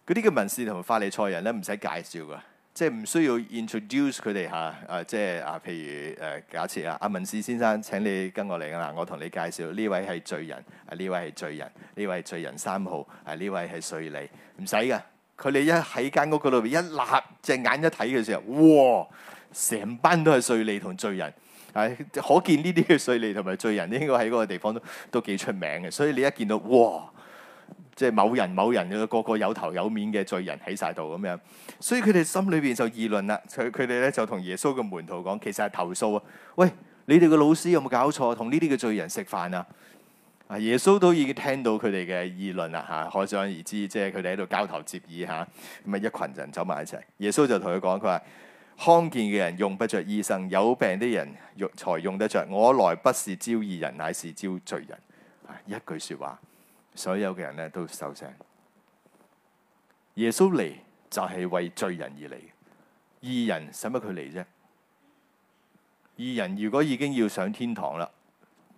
嗰啲嘅文士同埋法利賽人咧，唔使介紹噶。即係唔需要 introduce 佢哋嚇，誒、啊、即係啊，譬如誒、啊，假設啊，阿文士先生請你跟我嚟㗎啦，我同你介紹呢位係罪人，啊呢位係罪人，呢位係罪人三號，啊呢位係稅吏。唔使㗎，佢哋一喺間屋嗰度一立，隻眼一睇嘅時候，哇，成班都係稅吏同罪人，係、啊，可見呢啲嘅稅吏同埋罪人應該喺嗰個地方都都幾出名嘅，所以你一見到，哇！即係某人某人嘅個個有頭有面嘅罪人喺晒度咁樣，所以佢哋心裏邊就議論啦。佢佢哋咧，就同耶穌嘅門徒講，其實係投訴啊！喂，你哋嘅老師有冇搞錯，同呢啲嘅罪人食飯啊？啊！耶穌都已經聽到佢哋嘅議論啦，吓，可想而知，即係佢哋喺度交頭接耳吓，咁啊一群人走埋一齊。耶穌就同佢講，佢話康健嘅人用不着醫生，有病啲人用才用得着。我來不是招義人，乃是招罪人。啊，一句說話。所有嘅人咧都受罪。耶穌嚟就係、是、為罪人而嚟。義人使乜佢嚟啫？義人如果已經要上天堂啦，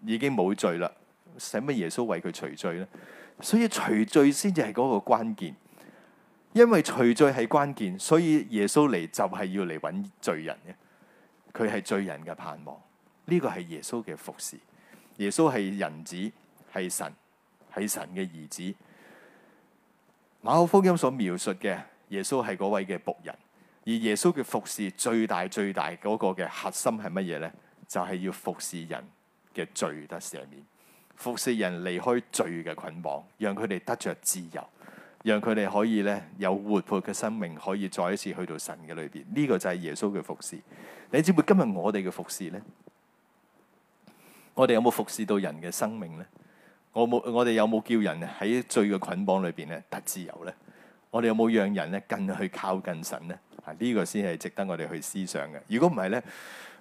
已經冇罪啦，使乜耶穌為佢除罪呢？所以除罪先至係嗰個關鍵，因為除罪係關鍵，所以耶穌嚟就係、是、要嚟揾罪人嘅。佢係罪人嘅盼望，呢、這個係耶穌嘅服侍。耶穌係人子，係神。係神嘅兒子，馬可福音所描述嘅耶穌係嗰位嘅僕人，而耶穌嘅服侍最大最大嗰個嘅核心係乜嘢呢？就係、是，要服侍人嘅罪得赦免，服侍人離開罪嘅捆綁，讓佢哋得着自由，讓佢哋可以呢有活潑嘅生命，可以再一次去到神嘅裏邊。呢、這個就係耶穌嘅服侍。你知唔知今日我哋嘅服侍呢？我哋有冇服侍到人嘅生命呢？我冇，我哋有冇叫人喺罪嘅捆綁裏邊咧得自由咧？我哋有冇讓人咧更去靠近神咧？啊，呢個先係值得我哋去思想嘅。如果唔係咧，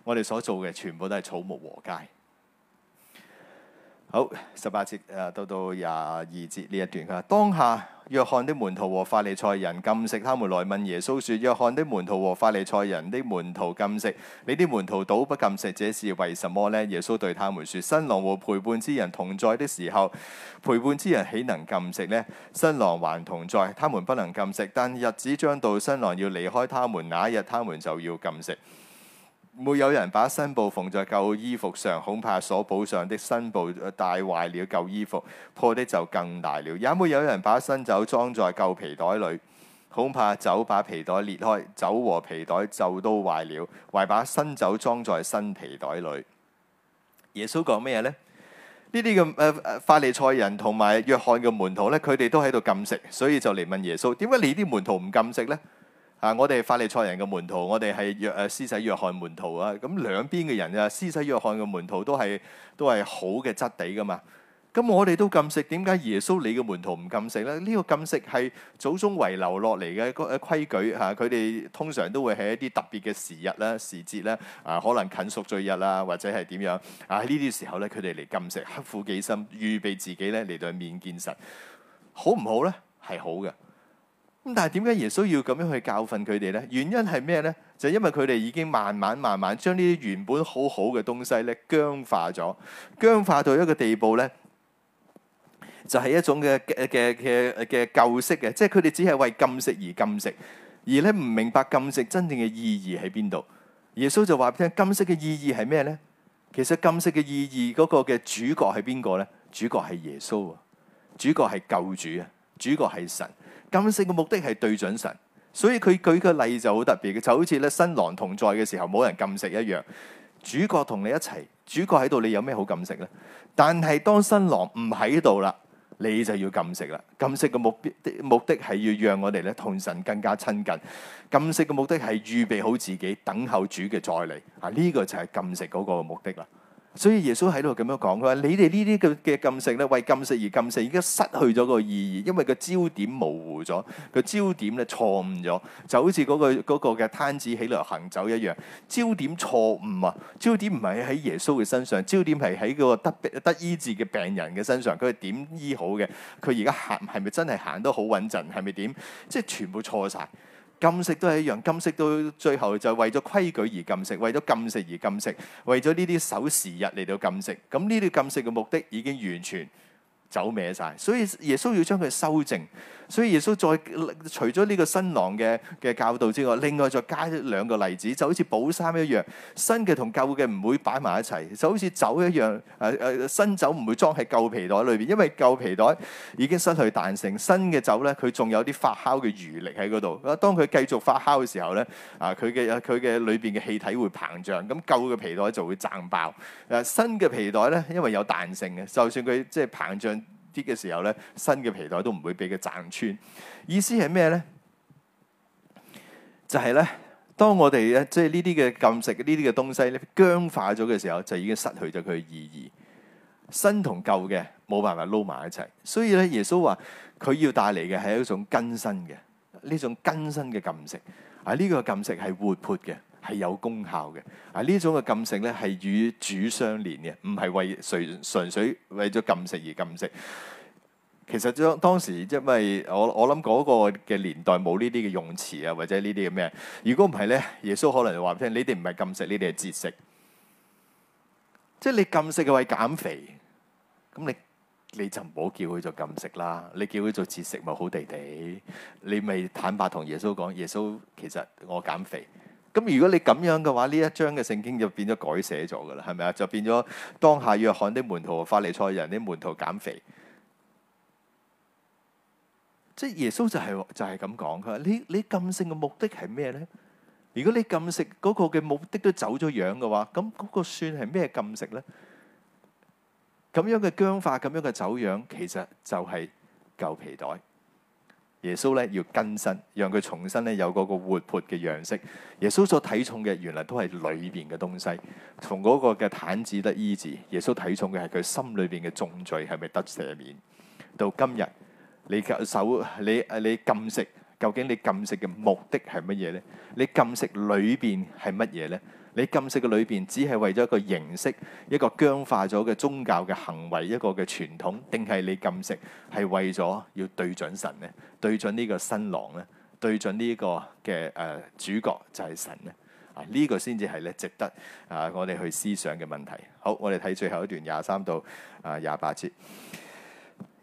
我哋所做嘅全部都係草木禾稭。好，十八節誒到到廿二節呢一段佢話，當下，約翰的門徒和法利賽人禁食，他們來問耶穌說：約翰的門徒和法利賽人的門徒禁食，你的門徒倒不禁食，這是為什麼呢？」耶穌對他們說：新郎和陪伴之人同在的時候，陪伴之人豈能禁食呢？新郎還同在，他們不能禁食，但日子將到，新郎要離開他們，那一日他們就要禁食。沒有人把新布縫在舊衣服上，恐怕所補上的新布帶壞了舊衣服，破的就更大了。也沒有人把新酒裝在舊皮袋裏，恐怕酒把皮袋裂開，酒和皮袋就都壞了。惟把新酒裝在新皮袋裏。耶穌講咩嘢呢？呢啲嘅誒誒法利賽人同埋約翰嘅門徒咧，佢哋都喺度禁食，所以就嚟問耶穌：點解你啲門徒唔禁食呢？啊！我哋法利賽人嘅門徒，我哋係約誒施洗約翰門徒啊。咁兩邊嘅人啊，施洗約翰嘅門徒都係都係好嘅質地噶嘛。咁我哋都禁食，點解耶穌你嘅門徒唔禁食咧？呢、這個禁食係祖宗遺留落嚟嘅個誒規矩嚇。佢、啊、哋通常都會喺一啲特別嘅時日咧、時節咧啊，可能近贖罪日啦，或者係點樣啊？呢啲時候咧，佢哋嚟禁食，刻苦己心，預備自己咧嚟到面見神，好唔好咧？係好嘅。咁但係點解耶穌要咁樣去教訓佢哋咧？原因係咩咧？就係因為佢哋已經慢慢慢慢將呢啲原本好好嘅東西咧僵化咗，僵化到一個地步咧，就係、是、一種嘅嘅嘅嘅舊式嘅，即係佢哋只係為禁食而禁食，而咧唔明白禁食真正嘅意義喺邊度。耶穌就話俾佢聽，禁食嘅意義係咩咧？其實禁食嘅意義嗰個嘅主角係邊個咧？主角係耶穌，主角係救主啊，主角係神。禁食嘅目的係對準神，所以佢舉個例子就好特別嘅，就好似咧新郎同在嘅時候冇人禁食一樣，主角同你一齊，主角喺度，你有咩好禁食呢？但係當新郎唔喺度啦，你就要禁食啦。禁食嘅目的目的係要讓我哋咧同神更加親近。禁食嘅目的係預備好自己等候主嘅再嚟啊！呢個就係禁食嗰個目的啦。所以耶穌喺度咁樣講，佢話：你哋呢啲嘅嘅禁食咧，為禁食而禁食，已經失去咗個意義，因為個焦點模糊咗，個焦點咧錯誤咗，就好似嗰、嗰個嘅攤、嗰個、子起來行走一樣，焦點錯誤啊！焦點唔係喺耶穌嘅身上，焦點係喺個得得醫治嘅病人嘅身上，佢係點醫好嘅？佢而家行係咪真係行得好穩陣？係咪點？即、就、係、係、全部錯晒。」禁食都係一樣，禁食到最後就為咗規矩而禁食，為咗禁食而禁食，為咗呢啲守時日嚟到禁食。咁呢啲禁食嘅目的已經完全走歪晒，所以耶穌要將佢修正。所以耶穌再除咗呢個新郎嘅嘅教導之外，另外再加兩個例子，就好似補衫一樣，新嘅同舊嘅唔會擺埋一齊，就好似酒一樣，誒、啊、誒、啊，新酒唔會裝喺舊皮袋裏邊，因為舊皮袋已經失去彈性。新嘅酒咧，佢仲有啲發酵嘅餘力喺嗰度。當佢繼續發酵嘅時候咧，啊，佢嘅佢嘅裏邊嘅氣體會膨脹，咁舊嘅皮袋就會掙爆。誒、啊，新嘅皮袋咧，因為有彈性嘅，就算佢即係膨脹。啲嘅時候咧，新嘅皮袋都唔會俾佢掙穿。意思係咩咧？就係咧，當我哋咧，即係呢啲嘅禁食，呢啲嘅東西咧僵化咗嘅時候，就已經失去咗佢嘅意義。新同舊嘅冇辦法撈埋一齊，所以咧，耶穌話佢要帶嚟嘅係一種更新嘅呢種更新嘅禁食啊！呢個禁食係活潑嘅。係有功效嘅啊！呢種嘅禁食咧係與主相連嘅，唔係為純純粹為咗禁食而禁食。其實將當時因為我我諗嗰個嘅年代冇呢啲嘅用詞啊，或者呢啲嘅咩？如果唔係咧，耶穌可能就話：聽你哋唔係禁食，你哋係節食。即係你禁食係為減肥，咁你你就唔好叫佢做禁食啦。你叫佢做節食咪、就是、好地地。你咪坦白同耶穌講：耶穌，其實我減肥。咁如果你咁樣嘅話，呢一章嘅聖經就變咗改寫咗㗎喇，係咪啊？就變咗當下約翰啲門徒、法利賽人啲門徒減肥，即係耶穌就係就係咁講。佢話：你你禁食嘅目的係咩呢？如果你禁食嗰個嘅目的都走咗樣嘅話，咁嗰個算係咩禁食呢？咁樣嘅僵化、咁樣嘅走樣，其實就係舊皮袋。耶穌咧要更新，讓佢重新咧有嗰個活潑嘅樣式。耶穌所睇重嘅，原來都係裏邊嘅東西。從嗰個嘅癱子得醫治，耶穌睇重嘅係佢心裏邊嘅重罪係咪得赦免？到今日你嘅手，你你禁食，究竟你禁食嘅目的係乜嘢咧？你禁食裏邊係乜嘢咧？你禁食嘅裏邊，只係為咗一個形式，一個僵化咗嘅宗教嘅行為，一個嘅傳統，定係你禁食係為咗要對準神呢？對準呢個新郎呢？對準呢個嘅誒、呃、主角就係神呢？啊，這個、呢個先至係咧值得啊，我哋去思想嘅問題。好，我哋睇最後一段廿三到啊廿八節。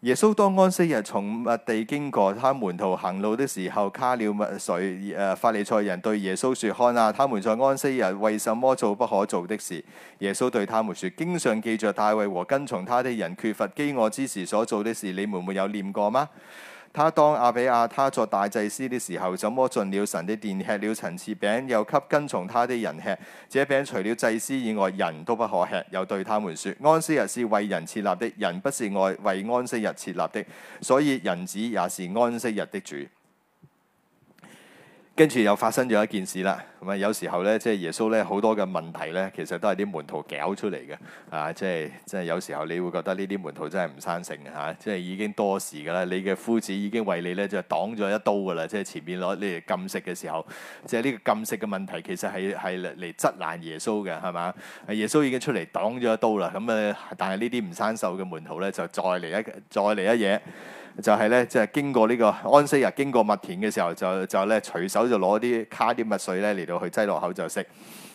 耶穌當安息日從麥地經過，他門徒行路的時候卡了麥穗。誒法利賽人對耶穌説：看啊，他們在安息日為什麼做不可做的事？耶穌對他們説：經常記著大衛和跟從他的人缺乏饑餓之時所做的事，你們沒有念過嗎？他當亞比亞他作大祭司的時候，怎麼進了神的殿，吃了陳設餅，又給跟從他的人吃？這餅除了祭司以外，人都不可吃。又對他們說：安息日是為人設立的，人不是愛為安息日設立的，所以人子也是安息日的主。跟住又發生咗一件事啦，咁啊有時候咧，即係耶穌咧好多嘅問題咧，其實都係啲門徒搞出嚟嘅，啊即係即係有時候你會覺得呢啲門徒真係唔生性嘅，即係已經多事㗎啦，你嘅夫子已經為你咧就擋咗一刀㗎啦，即係前面攞你嚟禁食嘅時候，即係呢個禁食嘅問題其實係係嚟嚟質難耶穌嘅係嘛？耶穌已經出嚟擋咗一刀啦，咁啊但係呢啲唔生性嘅門徒咧就再嚟一再嚟一嘢。就係咧，即係經過呢、呢個安息日經過麥田嘅時候就，就就咧隨手就攞啲卡啲麥穗咧嚟到去擠落口就食。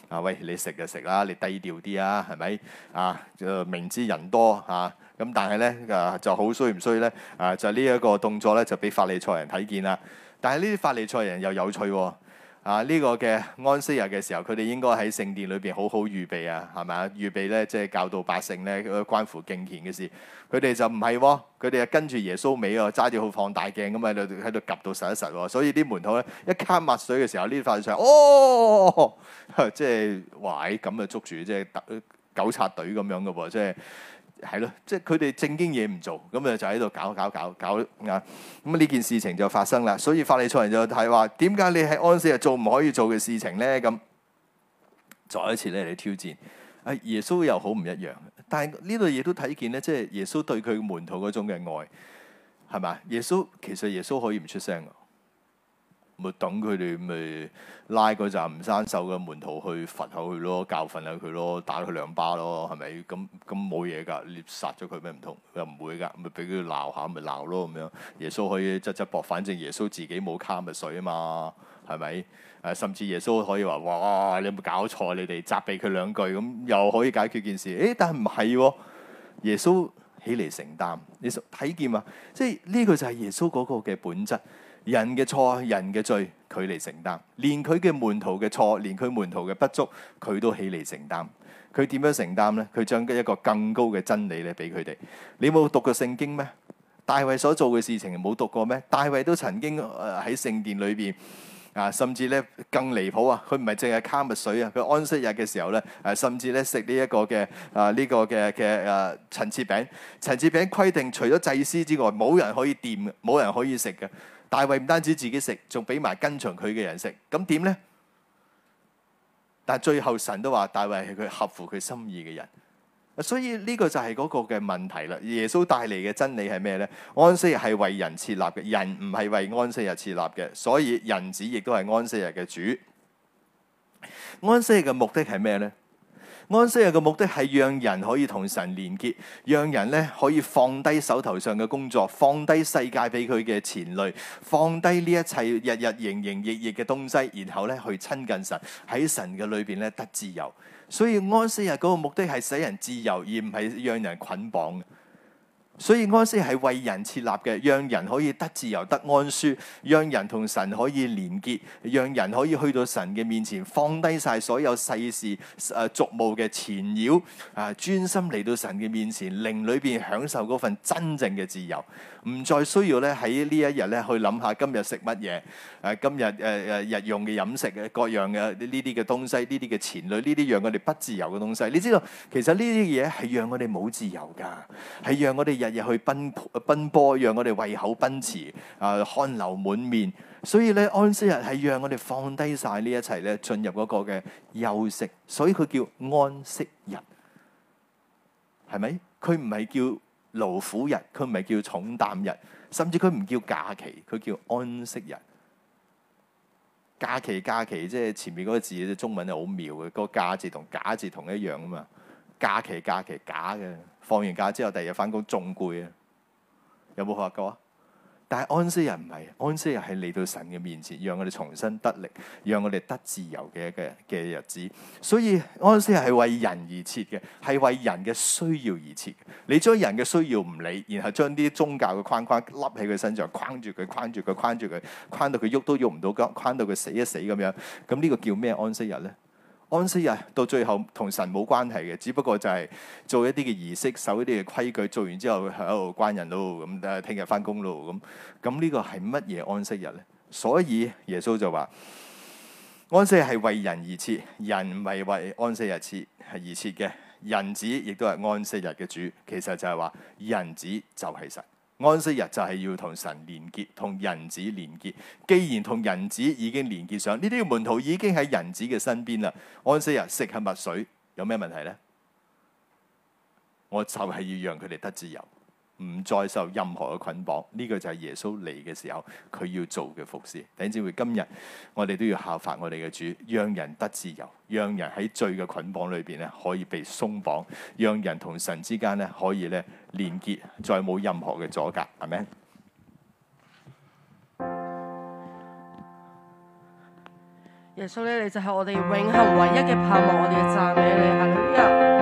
啊，喂，你食就食啦，你低調啲啊，係咪？啊，就明知人多啊，咁但係咧啊，就好衰唔衰咧？啊，就壞壞呢一、啊、個動作咧，就俾法利賽人睇見啦。但係呢啲法利賽人又有趣喎、哦。啊！呢、這個嘅安息日嘅時候，佢哋應該喺聖殿裏邊好好預備啊，係咪啊？預備咧，即係教導百姓咧，佢關乎敬虔嘅事。佢哋就唔係喎，佢哋啊跟住耶穌尾喎，揸住好放大鏡咁喺度喺度 𥄫 到實一實喎。所以啲門徒咧一卡墨水嘅時候，呢塊上，哦， 即係哇！咁啊捉住，即係糾察隊咁樣嘅噃，即係。係咯，即係佢哋正經嘢唔做，咁啊就喺度搞搞搞搞啊！咁、嗯、呢件事情就發生啦，所以法利賽人就提話：點解你喺安息日做唔可以做嘅事情咧？咁、嗯、再一次咧，嚟挑戰。啊耶穌又好唔一樣，但係呢度嘢都睇見咧，即係耶穌對佢門徒嗰種嘅愛，係咪？耶穌其實耶穌可以唔出聲。咪等佢哋咪拉個就唔生手嘅門徒去罰下佢咯，教訓下佢咯，打佢兩巴咯，係咪？咁咁冇嘢㗎，獵殺咗佢咩唔同？又唔會㗎，咪俾佢鬧下，咪鬧咯咁樣。耶穌可以窒窒噃，反正耶穌自己冇卡咪水啊嘛，係咪？誒、啊，甚至耶穌可以話：哇！你有冇搞錯？你哋責備佢兩句，咁又可以解決件事。誒、欸，但係唔係？耶穌起嚟承擔，耶穌睇見啊，即係呢、這個就係耶穌嗰個嘅本質。人嘅錯、人嘅罪，佢嚟承擔。連佢嘅門徒嘅錯，連佢門徒嘅不足，佢都起嚟承擔。佢點樣承擔咧？佢將一個更高嘅真理咧，俾佢哋。你冇讀過聖經咩？大衛所做嘅事情冇讀過咩？大衛都曾經呃、喺聖殿裏邊啊，甚至咧更離譜啊！佢唔係淨係卡密水啊，佢安息日嘅時候咧，誒、啊、甚至咧食呢一個嘅啊呢、呢個嘅嘅啊陳設餅。陳設餅規定除咗祭司之外，冇人可以掂，冇人可以食嘅。大衛唔單止自己食，仲俾埋跟從佢嘅人食，咁點呢？但最後神都話大衛係佢合乎佢心意嘅人，所以呢個就係嗰個嘅問題啦。耶穌帶嚟嘅真理係咩呢？安息日係為人設立嘅，人唔係為安息日設立嘅，所以人子亦都係安息日嘅主。安息日嘅目的係咩呢？安息日嘅目的係讓人可以同神連結，讓人咧可以放低手頭上嘅工作，放低世界俾佢嘅前累，放低呢一切日日營營役役嘅東西，然後咧去親近神，喺神嘅裏邊咧得自由。所以安息日嗰個目的係使人自由，而唔係讓人捆綁。所以安息係為人設立嘅，讓人可以得自由、得安舒，讓人同神可以連結，讓人可以去到神嘅面前，放低晒所有世事誒俗務嘅纏繞，啊、呃，專、呃、心嚟到神嘅面前，靈裏邊享受嗰份真正嘅自由。唔再需要咧喺呢一日咧去諗下今日食乜嘢，誒今日誒誒日用嘅飲食嘅各樣嘅呢啲嘅東西，呢啲嘅前慮，呢啲讓我哋不自由嘅東西。你知道其實呢啲嘢係讓我哋冇自由㗎，係讓我哋日日去奔波奔波，讓我哋胃口奔馳，啊汗流滿面。所以咧安息日係讓我哋放低曬呢一切咧進入嗰個嘅休息，所以佢叫安息日，係咪？佢唔係叫。勞苦日，佢唔係叫重擔日，甚至佢唔叫假期，佢叫安息日。假期假期，即係前面嗰個字，中文係好妙嘅，個假字同假字同一樣啊嘛。假期假期，假嘅，放完假之後，第二日返工仲攰啊！有冇學過啊？但係安息日唔係安息日，係嚟到神嘅面前，讓我哋重新得力，讓我哋得自由嘅一個日子。所以安息日係為人而設嘅，係為人嘅需要而設嘅。你將人嘅需要唔理，然後將啲宗教嘅框框笠喺佢身上，框住佢，框住佢，框住佢，框到佢喐都喐唔到腳，框到佢死一死咁樣。咁呢個叫咩安息日咧？安息日到最後同神冇關係嘅，只不過就係做一啲嘅儀式，守一啲嘅規矩，做完之後喺度關人咯，咁誒聽日翻工咯，咁咁呢個係乜嘢安息日咧？所以耶穌就話，安息日係為人而設，人唔係為安息日設係而設嘅，人子亦都係安息日嘅主，其實就係話人子就係神。安息日就係要同神連結，同人子連結。既然同人子已經連結上，呢啲門徒已經喺人子嘅身邊啦。安息日食下麥穗，有咩問題呢？我就係要讓佢哋得自由。唔再受任何嘅捆綁，呢個就係耶穌嚟嘅時候，佢要做嘅服侍。頂至會今日，我哋都要效法我哋嘅主，讓人得自由，讓人喺罪嘅捆綁裏邊咧可以被鬆綁，讓人同神之間咧可以咧連結，再冇任何嘅阻隔。阿們。耶穌呢，你就係我哋永恒唯一嘅盼望嚟嘅，我哋要讚美你，阿羅呀！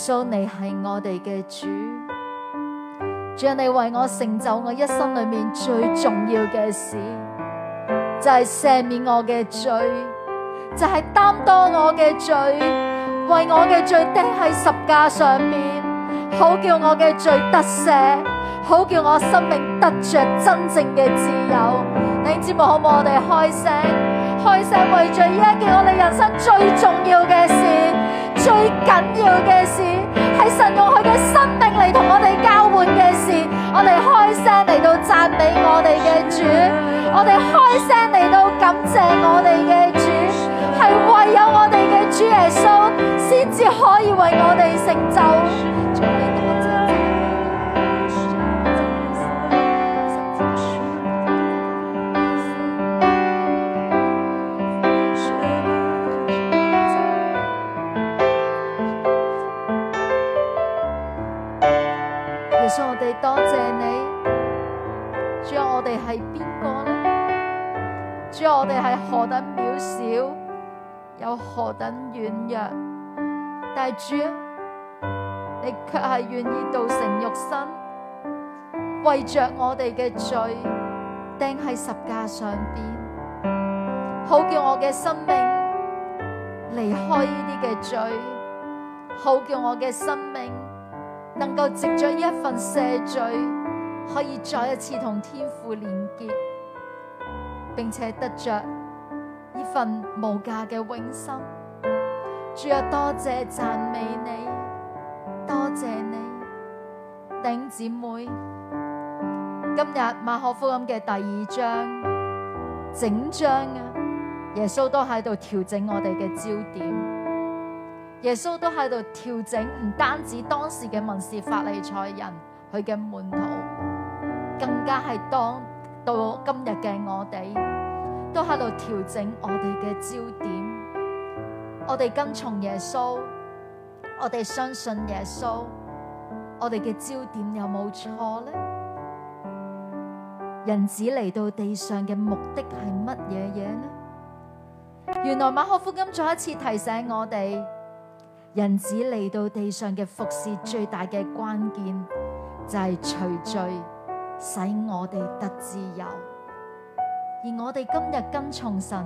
主，你係我哋嘅主，將你為我成就我一生裏面最重要嘅事，就係、是、赦免我嘅罪，就係、是、擔當我嘅罪，為我嘅罪釘喺十架上面，好叫我嘅罪得赦，好叫我生命得着真正嘅自由。你知冇？可唔可我哋開聲？開聲為罪，依一件我哋人生最重要嘅事。最緊要嘅事係神用佢嘅生命嚟同我哋交換嘅事，我哋開聲嚟到讚美我哋嘅主，我哋開聲嚟到感謝我哋嘅主，係唯有我哋嘅主耶穌，先至可以為我哋成就。我哋係何等渺小，又何等軟弱，但主，你卻係願意道成肉身，為着我哋嘅罪釘喺十架上邊，好叫我嘅生命離開呢啲嘅罪，好叫我嘅生命能夠藉着一份赦罪，可以再一次同天父連結。並且得着呢份無價嘅永生，主啊，多謝讚美你，多謝你。弟兄姊妹，今日馬可福音嘅第二章，整章啊，耶穌都喺度調整我哋嘅焦點，耶穌都喺度調整，唔單止當時嘅文士法利賽人，佢嘅門徒，更加係當。今日嘅我哋都喺度調整我哋嘅焦點，我哋跟從耶穌，我哋相信耶穌，我哋嘅焦點有冇錯呢？人子嚟到地上嘅目的係乜嘢嘢呢？原來馬可福音再一次提醒我哋，人子嚟到地上嘅服侍最大嘅關鍵就係除罪。使我哋得自由，而我哋今日跟從神，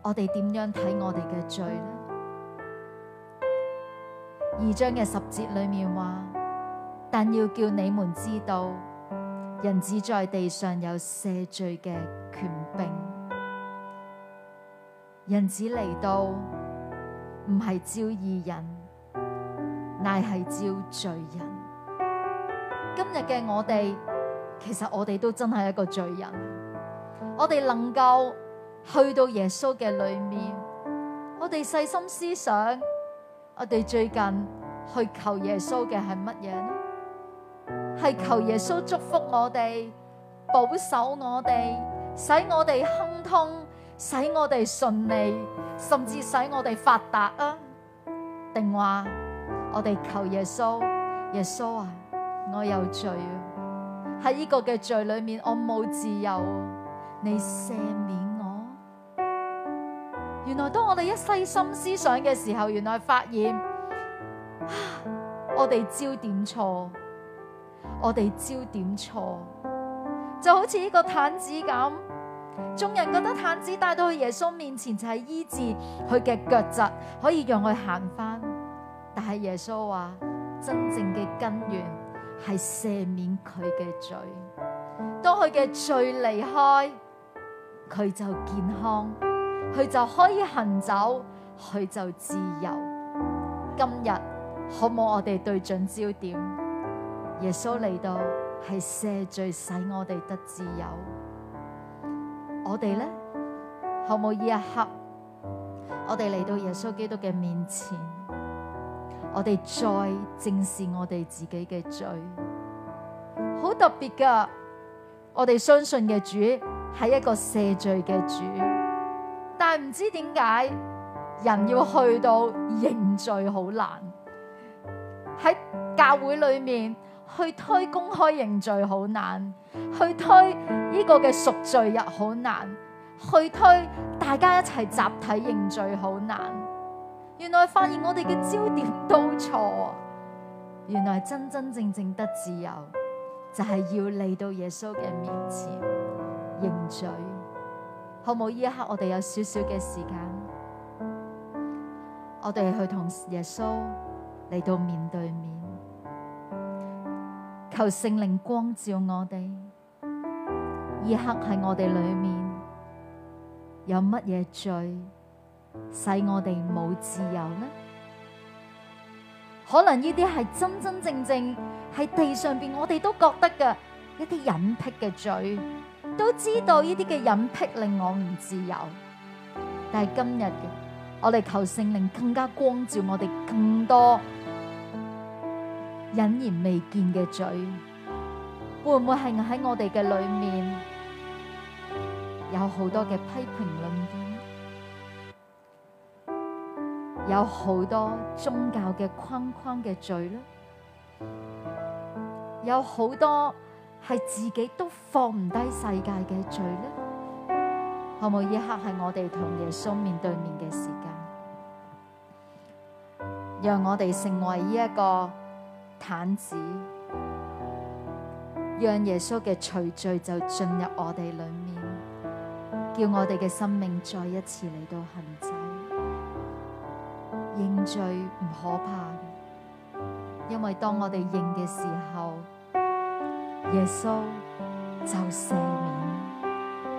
我哋點樣睇我哋嘅罪呢？二章嘅十節裏面話，但要叫你們知道，人子在地上有赦罪嘅權柄。人子嚟到，唔係召義人，乃係召罪人。今日嘅我哋，其實我哋都真係一個罪人。我哋能夠去到耶穌嘅裏面，我哋細心思想，我哋最近去求耶穌嘅係乜嘢呢？係求耶穌祝福我哋，保守我哋，使我哋亨通，使我哋順利，甚至使我哋發達啊！定話我哋求耶穌，耶穌啊！我有罪，喺呢個嘅罪裏面，我冇自由。你赦免我。原來當我哋一細心思想嘅時候，原來發現啊，我哋焦點錯，我哋焦點錯，就好似呢個毯子咁。眾人覺得毯子帶到去耶穌面前就係醫治佢嘅腳疾，可以讓佢行翻。但係耶穌話：真正嘅根源，係赦免佢嘅罪，當佢嘅罪離開，佢就健康，佢就可以行走，佢就自由。今日好冇我哋對準焦點，耶穌嚟到係赦罪，使我哋得自由。我哋咧好冇呢一刻，我哋嚟到耶穌基督嘅面前。我哋再正視我哋自己嘅罪，好特別噶。我哋相信嘅主係一個赦罪嘅主，但係唔知點解人要去到認罪好難。喺教會裏面去推公開認罪好難，去推呢個嘅贖罪日好難，去推大家一齊集體認罪好難。原來發現我哋嘅焦點都錯，原來真真正正得自由就係、是、要嚟到耶穌嘅面前認罪，好唔好？依一刻我哋有少少嘅時間，我哋去同耶穌嚟到面對面，求聖靈光照我哋，依刻喺我哋裏面有乜嘢罪？使我哋冇自由呢？可能呢啲係真真正正喺地上邊，我哋都覺得嘅一啲隱蔽嘅罪，都知道呢啲嘅隱蔽令我唔自由。但係今日嘅，我哋求聖靈更加光照我哋更多隱然未見嘅罪。會唔會係喺我哋嘅裏面有好多嘅批評論？有好多宗教嘅框框嘅罪咧，有好多係自己都放唔低世界嘅罪咧。可唔可以刻係我哋同耶穌面對面嘅時間，讓我哋成為呢一個毯子，讓耶穌嘅隨罪就進入我哋裏面，叫我哋嘅生命再一次嚟到恨認罪唔可怕，因為當我哋認嘅時候，耶穌就赦免；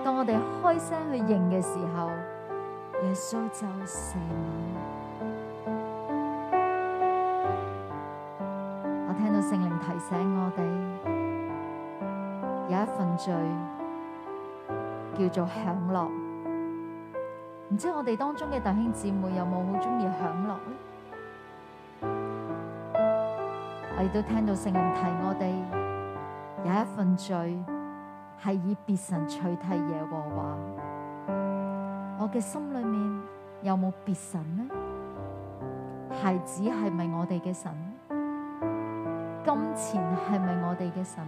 當我哋開聲去認嘅時候，耶穌就赦免。我聽到聖靈提醒我哋有一份罪叫做享樂。唔知我哋當中嘅弟兄姊妹有冇好中意享樂咧？我亦都聽到聖人提我哋有一份罪係以別神取替耶和華。我嘅心裏面有冇別神呢？孩子係咪我哋嘅神？金錢係咪我哋嘅神？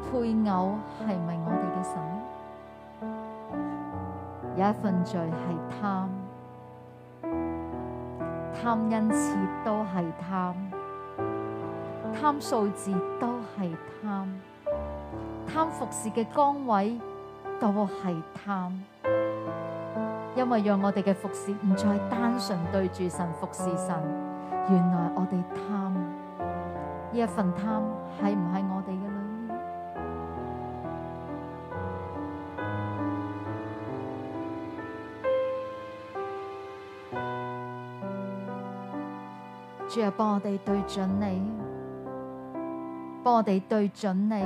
配偶係咪我哋嘅神？有一份罪係貪，貪恩賜都係貪，貪數字都係貪，貪服侍嘅崗位都係貪。因為讓我哋嘅服侍唔再單純對住神服侍神，原來我哋貪呢一份貪係唔係我哋。主啊，幫我哋對準你，幫我哋對準你。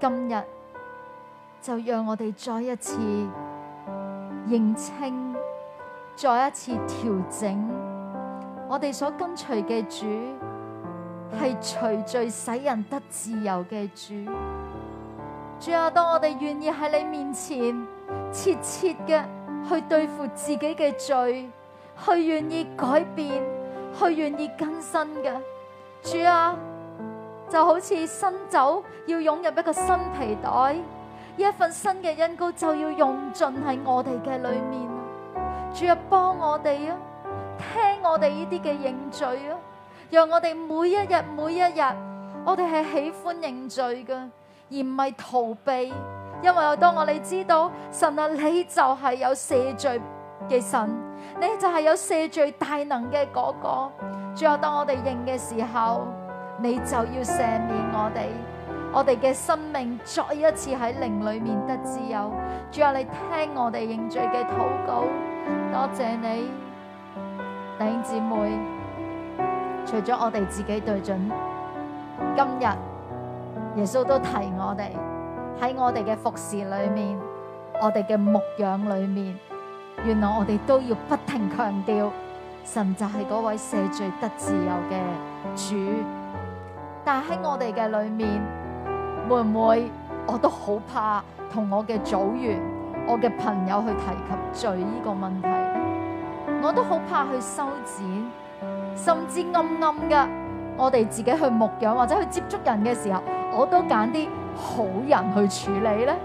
今日就讓我哋再一次認清，再一次調整，我哋所跟隨嘅主，係除罪使人得自由嘅主。主啊，當我哋願意喺你面前，切切嘅去對付自己嘅罪。去願意改變，去願意更新嘅主啊，就好似新酒要湧入一個新皮袋，一份新嘅恩膏就要用盡喺我哋嘅裏面。主啊，幫我哋啊，聽我哋呢啲嘅認罪啊，讓我哋每一日每一日，我哋係喜歡認罪嘅，而唔係逃避，因為當我哋知道神啊，你就係有赦罪嘅神。你就係有赦罪大能嘅嗰個。最後當我哋認嘅時候，你就要赦免我哋，我哋嘅生命再一次喺靈裏面得自由。主啊，你聽我哋認罪嘅禱告，多謝你。弟兄姊妹，除咗我哋自己對準，今日耶穌都提我哋喺我哋嘅服侍裏面，我哋嘅牧養裏面。原來我哋都要不停強調，神就係嗰位赦罪得自由嘅主。但係喺我哋嘅裏面，會唔會我都好怕同我嘅組員、我嘅朋友去提及罪呢個問題？我都好怕去修剪，甚至暗暗嘅，我哋自己去牧養或者去接觸人嘅時候，我都揀啲好人去處理咧，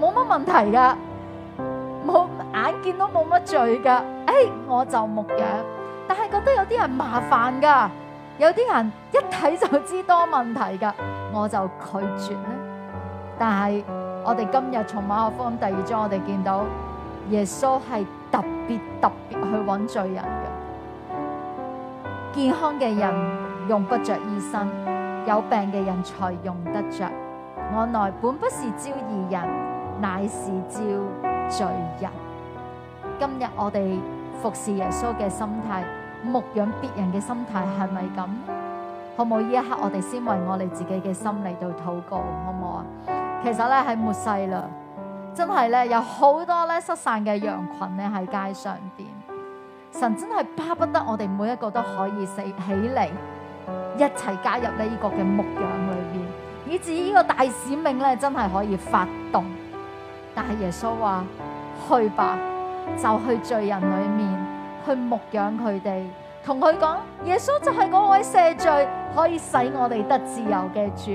冇乜問題噶，冇。眼見都冇乜罪噶，哎，我就牧養，但係覺得有啲人麻煩噶，有啲人一睇就知多問題噶，我就拒絕咧。但係我哋今日從馬可福音第二章我，我哋見到耶穌係特別特別去揾罪人嘅。健康嘅人用不着醫生，有病嘅人才用得着。我內本不是召義人，乃是召罪人。今日我哋服侍耶穌嘅心態，牧養別人嘅心態係咪咁？好唔好？呢一刻我哋先為我哋自己嘅心嚟到禱告，好唔好啊？其實咧喺末世啦，真係咧有好多咧失散嘅羊群咧喺街上邊，神真係巴不得我哋每一個都可以企起嚟，一齊加入呢個嘅牧養裏邊，以致呢個大使命咧真係可以發動。但係耶穌話：去吧。就去罪人裏面去牧養佢哋，同佢講耶穌就係嗰位赦罪可以使我哋得自由嘅主，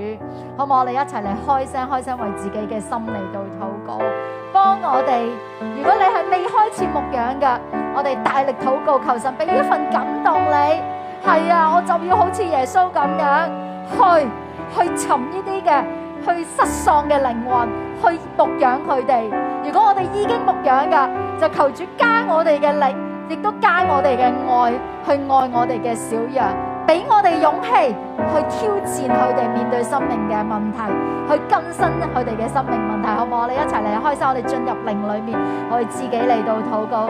好唔好？我哋一齊嚟開聲開聲為自己嘅心嚟到禱告，幫我哋。如果你係未開始牧養嘅，我哋大力禱告，求神俾一份感動你。係啊，我就要好似耶穌咁樣去去尋呢啲嘅。去失喪嘅靈魂，去牧養佢哋。如果我哋已經牧養噶，就求主加我哋嘅力，亦都加我哋嘅愛，去愛我哋嘅小羊，俾我哋勇氣去挑戰佢哋面對生命嘅問題，去更新佢哋嘅生命問題，好唔好？我哋一齊嚟開心，我哋進入靈裏面，我哋自己嚟到禱告。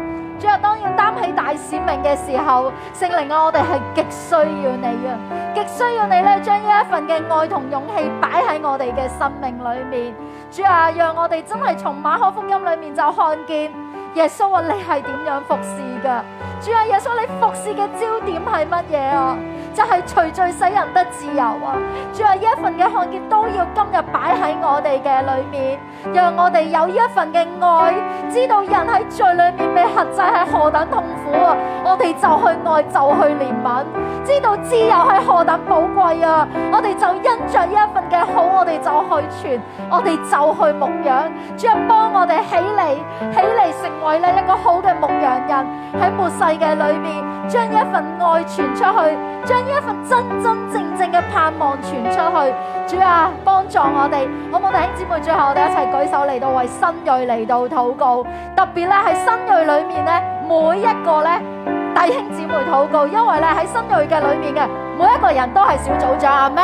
主啊，當要擔起大使命嘅時候，聖靈啊，我哋係極需要你啊，極需要你咧，將呢一份嘅愛同勇氣擺喺我哋嘅生命裏面。主啊，讓我哋真係從馬可福音裏面就看見耶穌啊，你係點樣服侍噶？主啊，耶穌啊，你服侍嘅焦點係乜嘢啊？就係除罪使人得自由啊！仲有呢一份嘅看見都要今日擺喺我哋嘅裏面，讓我哋有一份嘅愛，知道人喺罪裏面被限制係何等痛苦啊！我哋就去愛，就去憐憫，知道自由係何等寶貴啊！我哋就因着呢一份嘅好，我哋就去傳，我哋就去牧養，主啊，幫我哋起嚟，起嚟成為咧一個好嘅牧羊人喺末世嘅裏面，將一份愛傳出去，將。呢一份真真正正嘅盼望傳出去，主啊，幫助我哋，好冇？弟兄姊妹，最後我哋一齊舉手嚟到為新蕊嚟到禱告。特別咧，喺新蕊裏面咧，每一個咧弟兄姊妹禱告，因為咧喺新蕊嘅裏面嘅每一個人都係小組長啊？咩？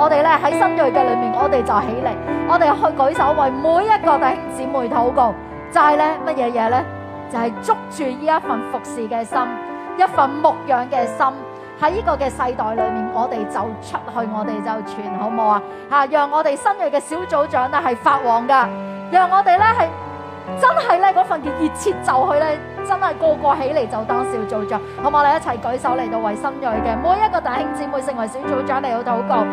我哋咧喺新蕊嘅裏面，我哋就起嚟，我哋去舉手為每一個弟兄姊妹禱告，就係咧乜嘢嘢咧？就係捉住呢一份服侍嘅心，一份牧養嘅心。喺呢個嘅世代裏面，我哋就出去，我哋就傳，好唔好啊？吓，讓我哋新銳嘅小組長咧係發旺噶，讓我哋咧係真係咧嗰份嘅熱切就去咧，真係個個起嚟就當小組長，好唔好？我哋一齊舉手嚟到為新銳嘅每一個弟兄姊妹成為小組長嚟到禱告。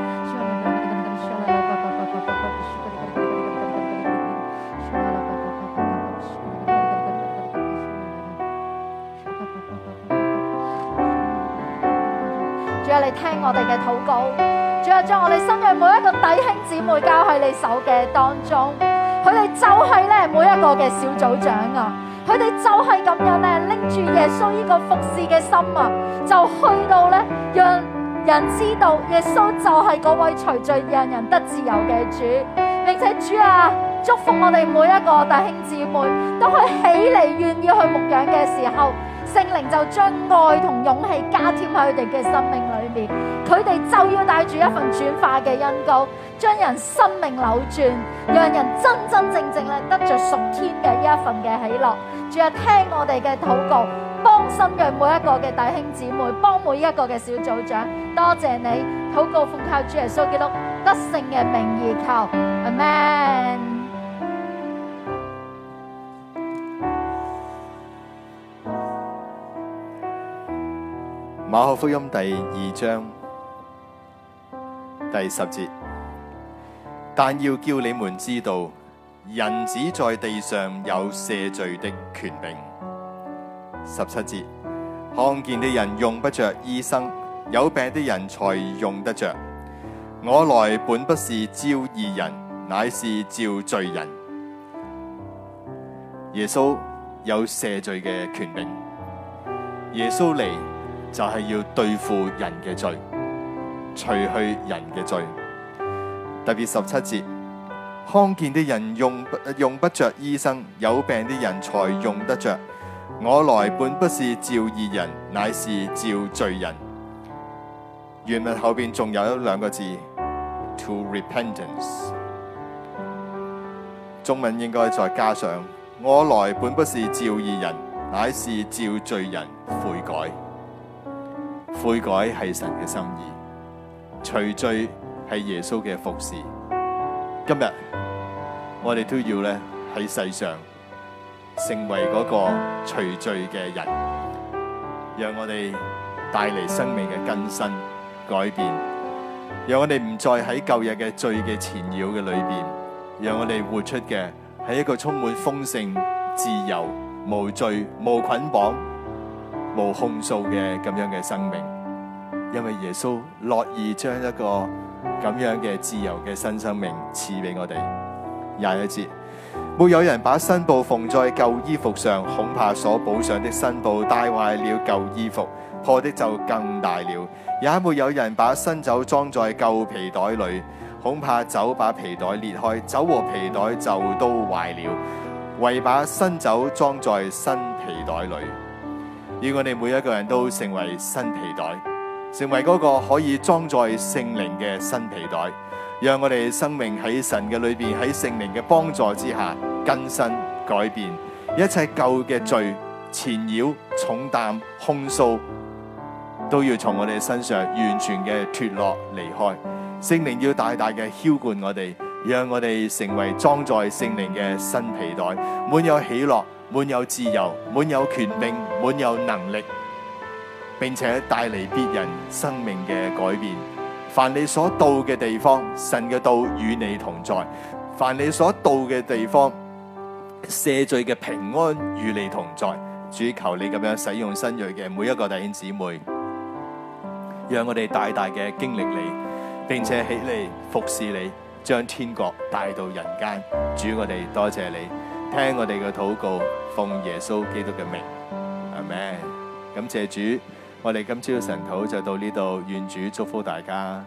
聽我哋嘅禱告，主啊，將我哋身嘅每一個弟兄姊妹交喺你手嘅當中，佢哋就係咧每一個嘅小組長啊，佢哋就係咁樣咧拎住耶穌呢個服侍嘅心啊，就去到咧讓人知道耶穌就係嗰位除罪讓人得自由嘅主，並且主啊，祝福我哋每一個弟兄姊妹，當佢起嚟願意去牧養嘅時候，聖靈就將愛同勇氣加添喺佢哋嘅生命裏。佢哋就要帶住一份轉化嘅恩膏，將人生命扭轉，讓人真真正正咧得着屬天嘅呢一份嘅喜樂。仲有，聽我哋嘅禱告，幫心嘅每一個嘅弟兄姊妹，幫每一個嘅小組長。多謝你禱告，奉靠主耶穌基督得勝嘅名義求，阿門。馬可福音第二章第十節，但要叫你們知道，人子在地上有赦罪的權柄。十七節，看見的人用不着醫生，有病的人才用得着。我來本不是召義人，乃是召罪人。耶穌有赦罪嘅權柄。耶穌嚟，就係要對付人嘅罪，除去人嘅罪。特別十七節，康健的人用不用不着醫生，有病的人才用得着。我來本不是召義人，乃是召罪人。原文後邊仲有一兩個字，to repentance。中文應該再加上，我來本不是召義人，乃是召罪人悔改。悔改係神嘅心意，除罪係耶穌嘅服侍。今日我哋都要咧喺世上成為嗰個除罪嘅人，讓我哋帶嚟生命嘅更新改變，讓我哋唔再喺舊日嘅罪嘅纏繞嘅裏邊，讓我哋活出嘅係一個充滿豐盛、自由、無罪、無捆綁。無控訴嘅咁樣嘅生命，因為耶穌樂意將一個咁樣嘅自由嘅新生命賜俾我哋。廿一節，沒有人把新布縫在舊衣服上，恐怕所補上的新布帶壞了舊衣服，破的就更大了。也沒有人把新酒裝在舊皮袋裡，恐怕酒把皮袋裂開，酒和皮袋就都壞了。唯把新酒裝在新皮袋裡。要我哋每一個人都成為新皮袋，成為嗰個可以裝載聖靈嘅新皮袋，讓我哋生命喺神嘅裏邊，喺聖靈嘅幫助之下更新改變，一切舊嘅罪纏繞、重擔、控訴，都要從我哋身上完全嘅脫落離開。聖靈要大大嘅澆灌我哋，讓我哋成為裝載聖靈嘅新皮袋，滿有喜樂。滿有自由，滿有權柄，滿有能力，並且帶嚟別人生命嘅改變。凡你所到嘅地方，神嘅道與你同在；凡你所到嘅地方，赦罪嘅平安與你同在。主，求你咁樣使用新蕊嘅每一個弟兄姊妹，讓我哋大大嘅經歷你，並且起嚟服侍你，將天國帶到人間。主，我哋多謝你。聽我哋嘅禱告，奉耶穌基督嘅名，阿門。感謝主，我哋今朝嘅晨禱就到呢度，願主祝福大家。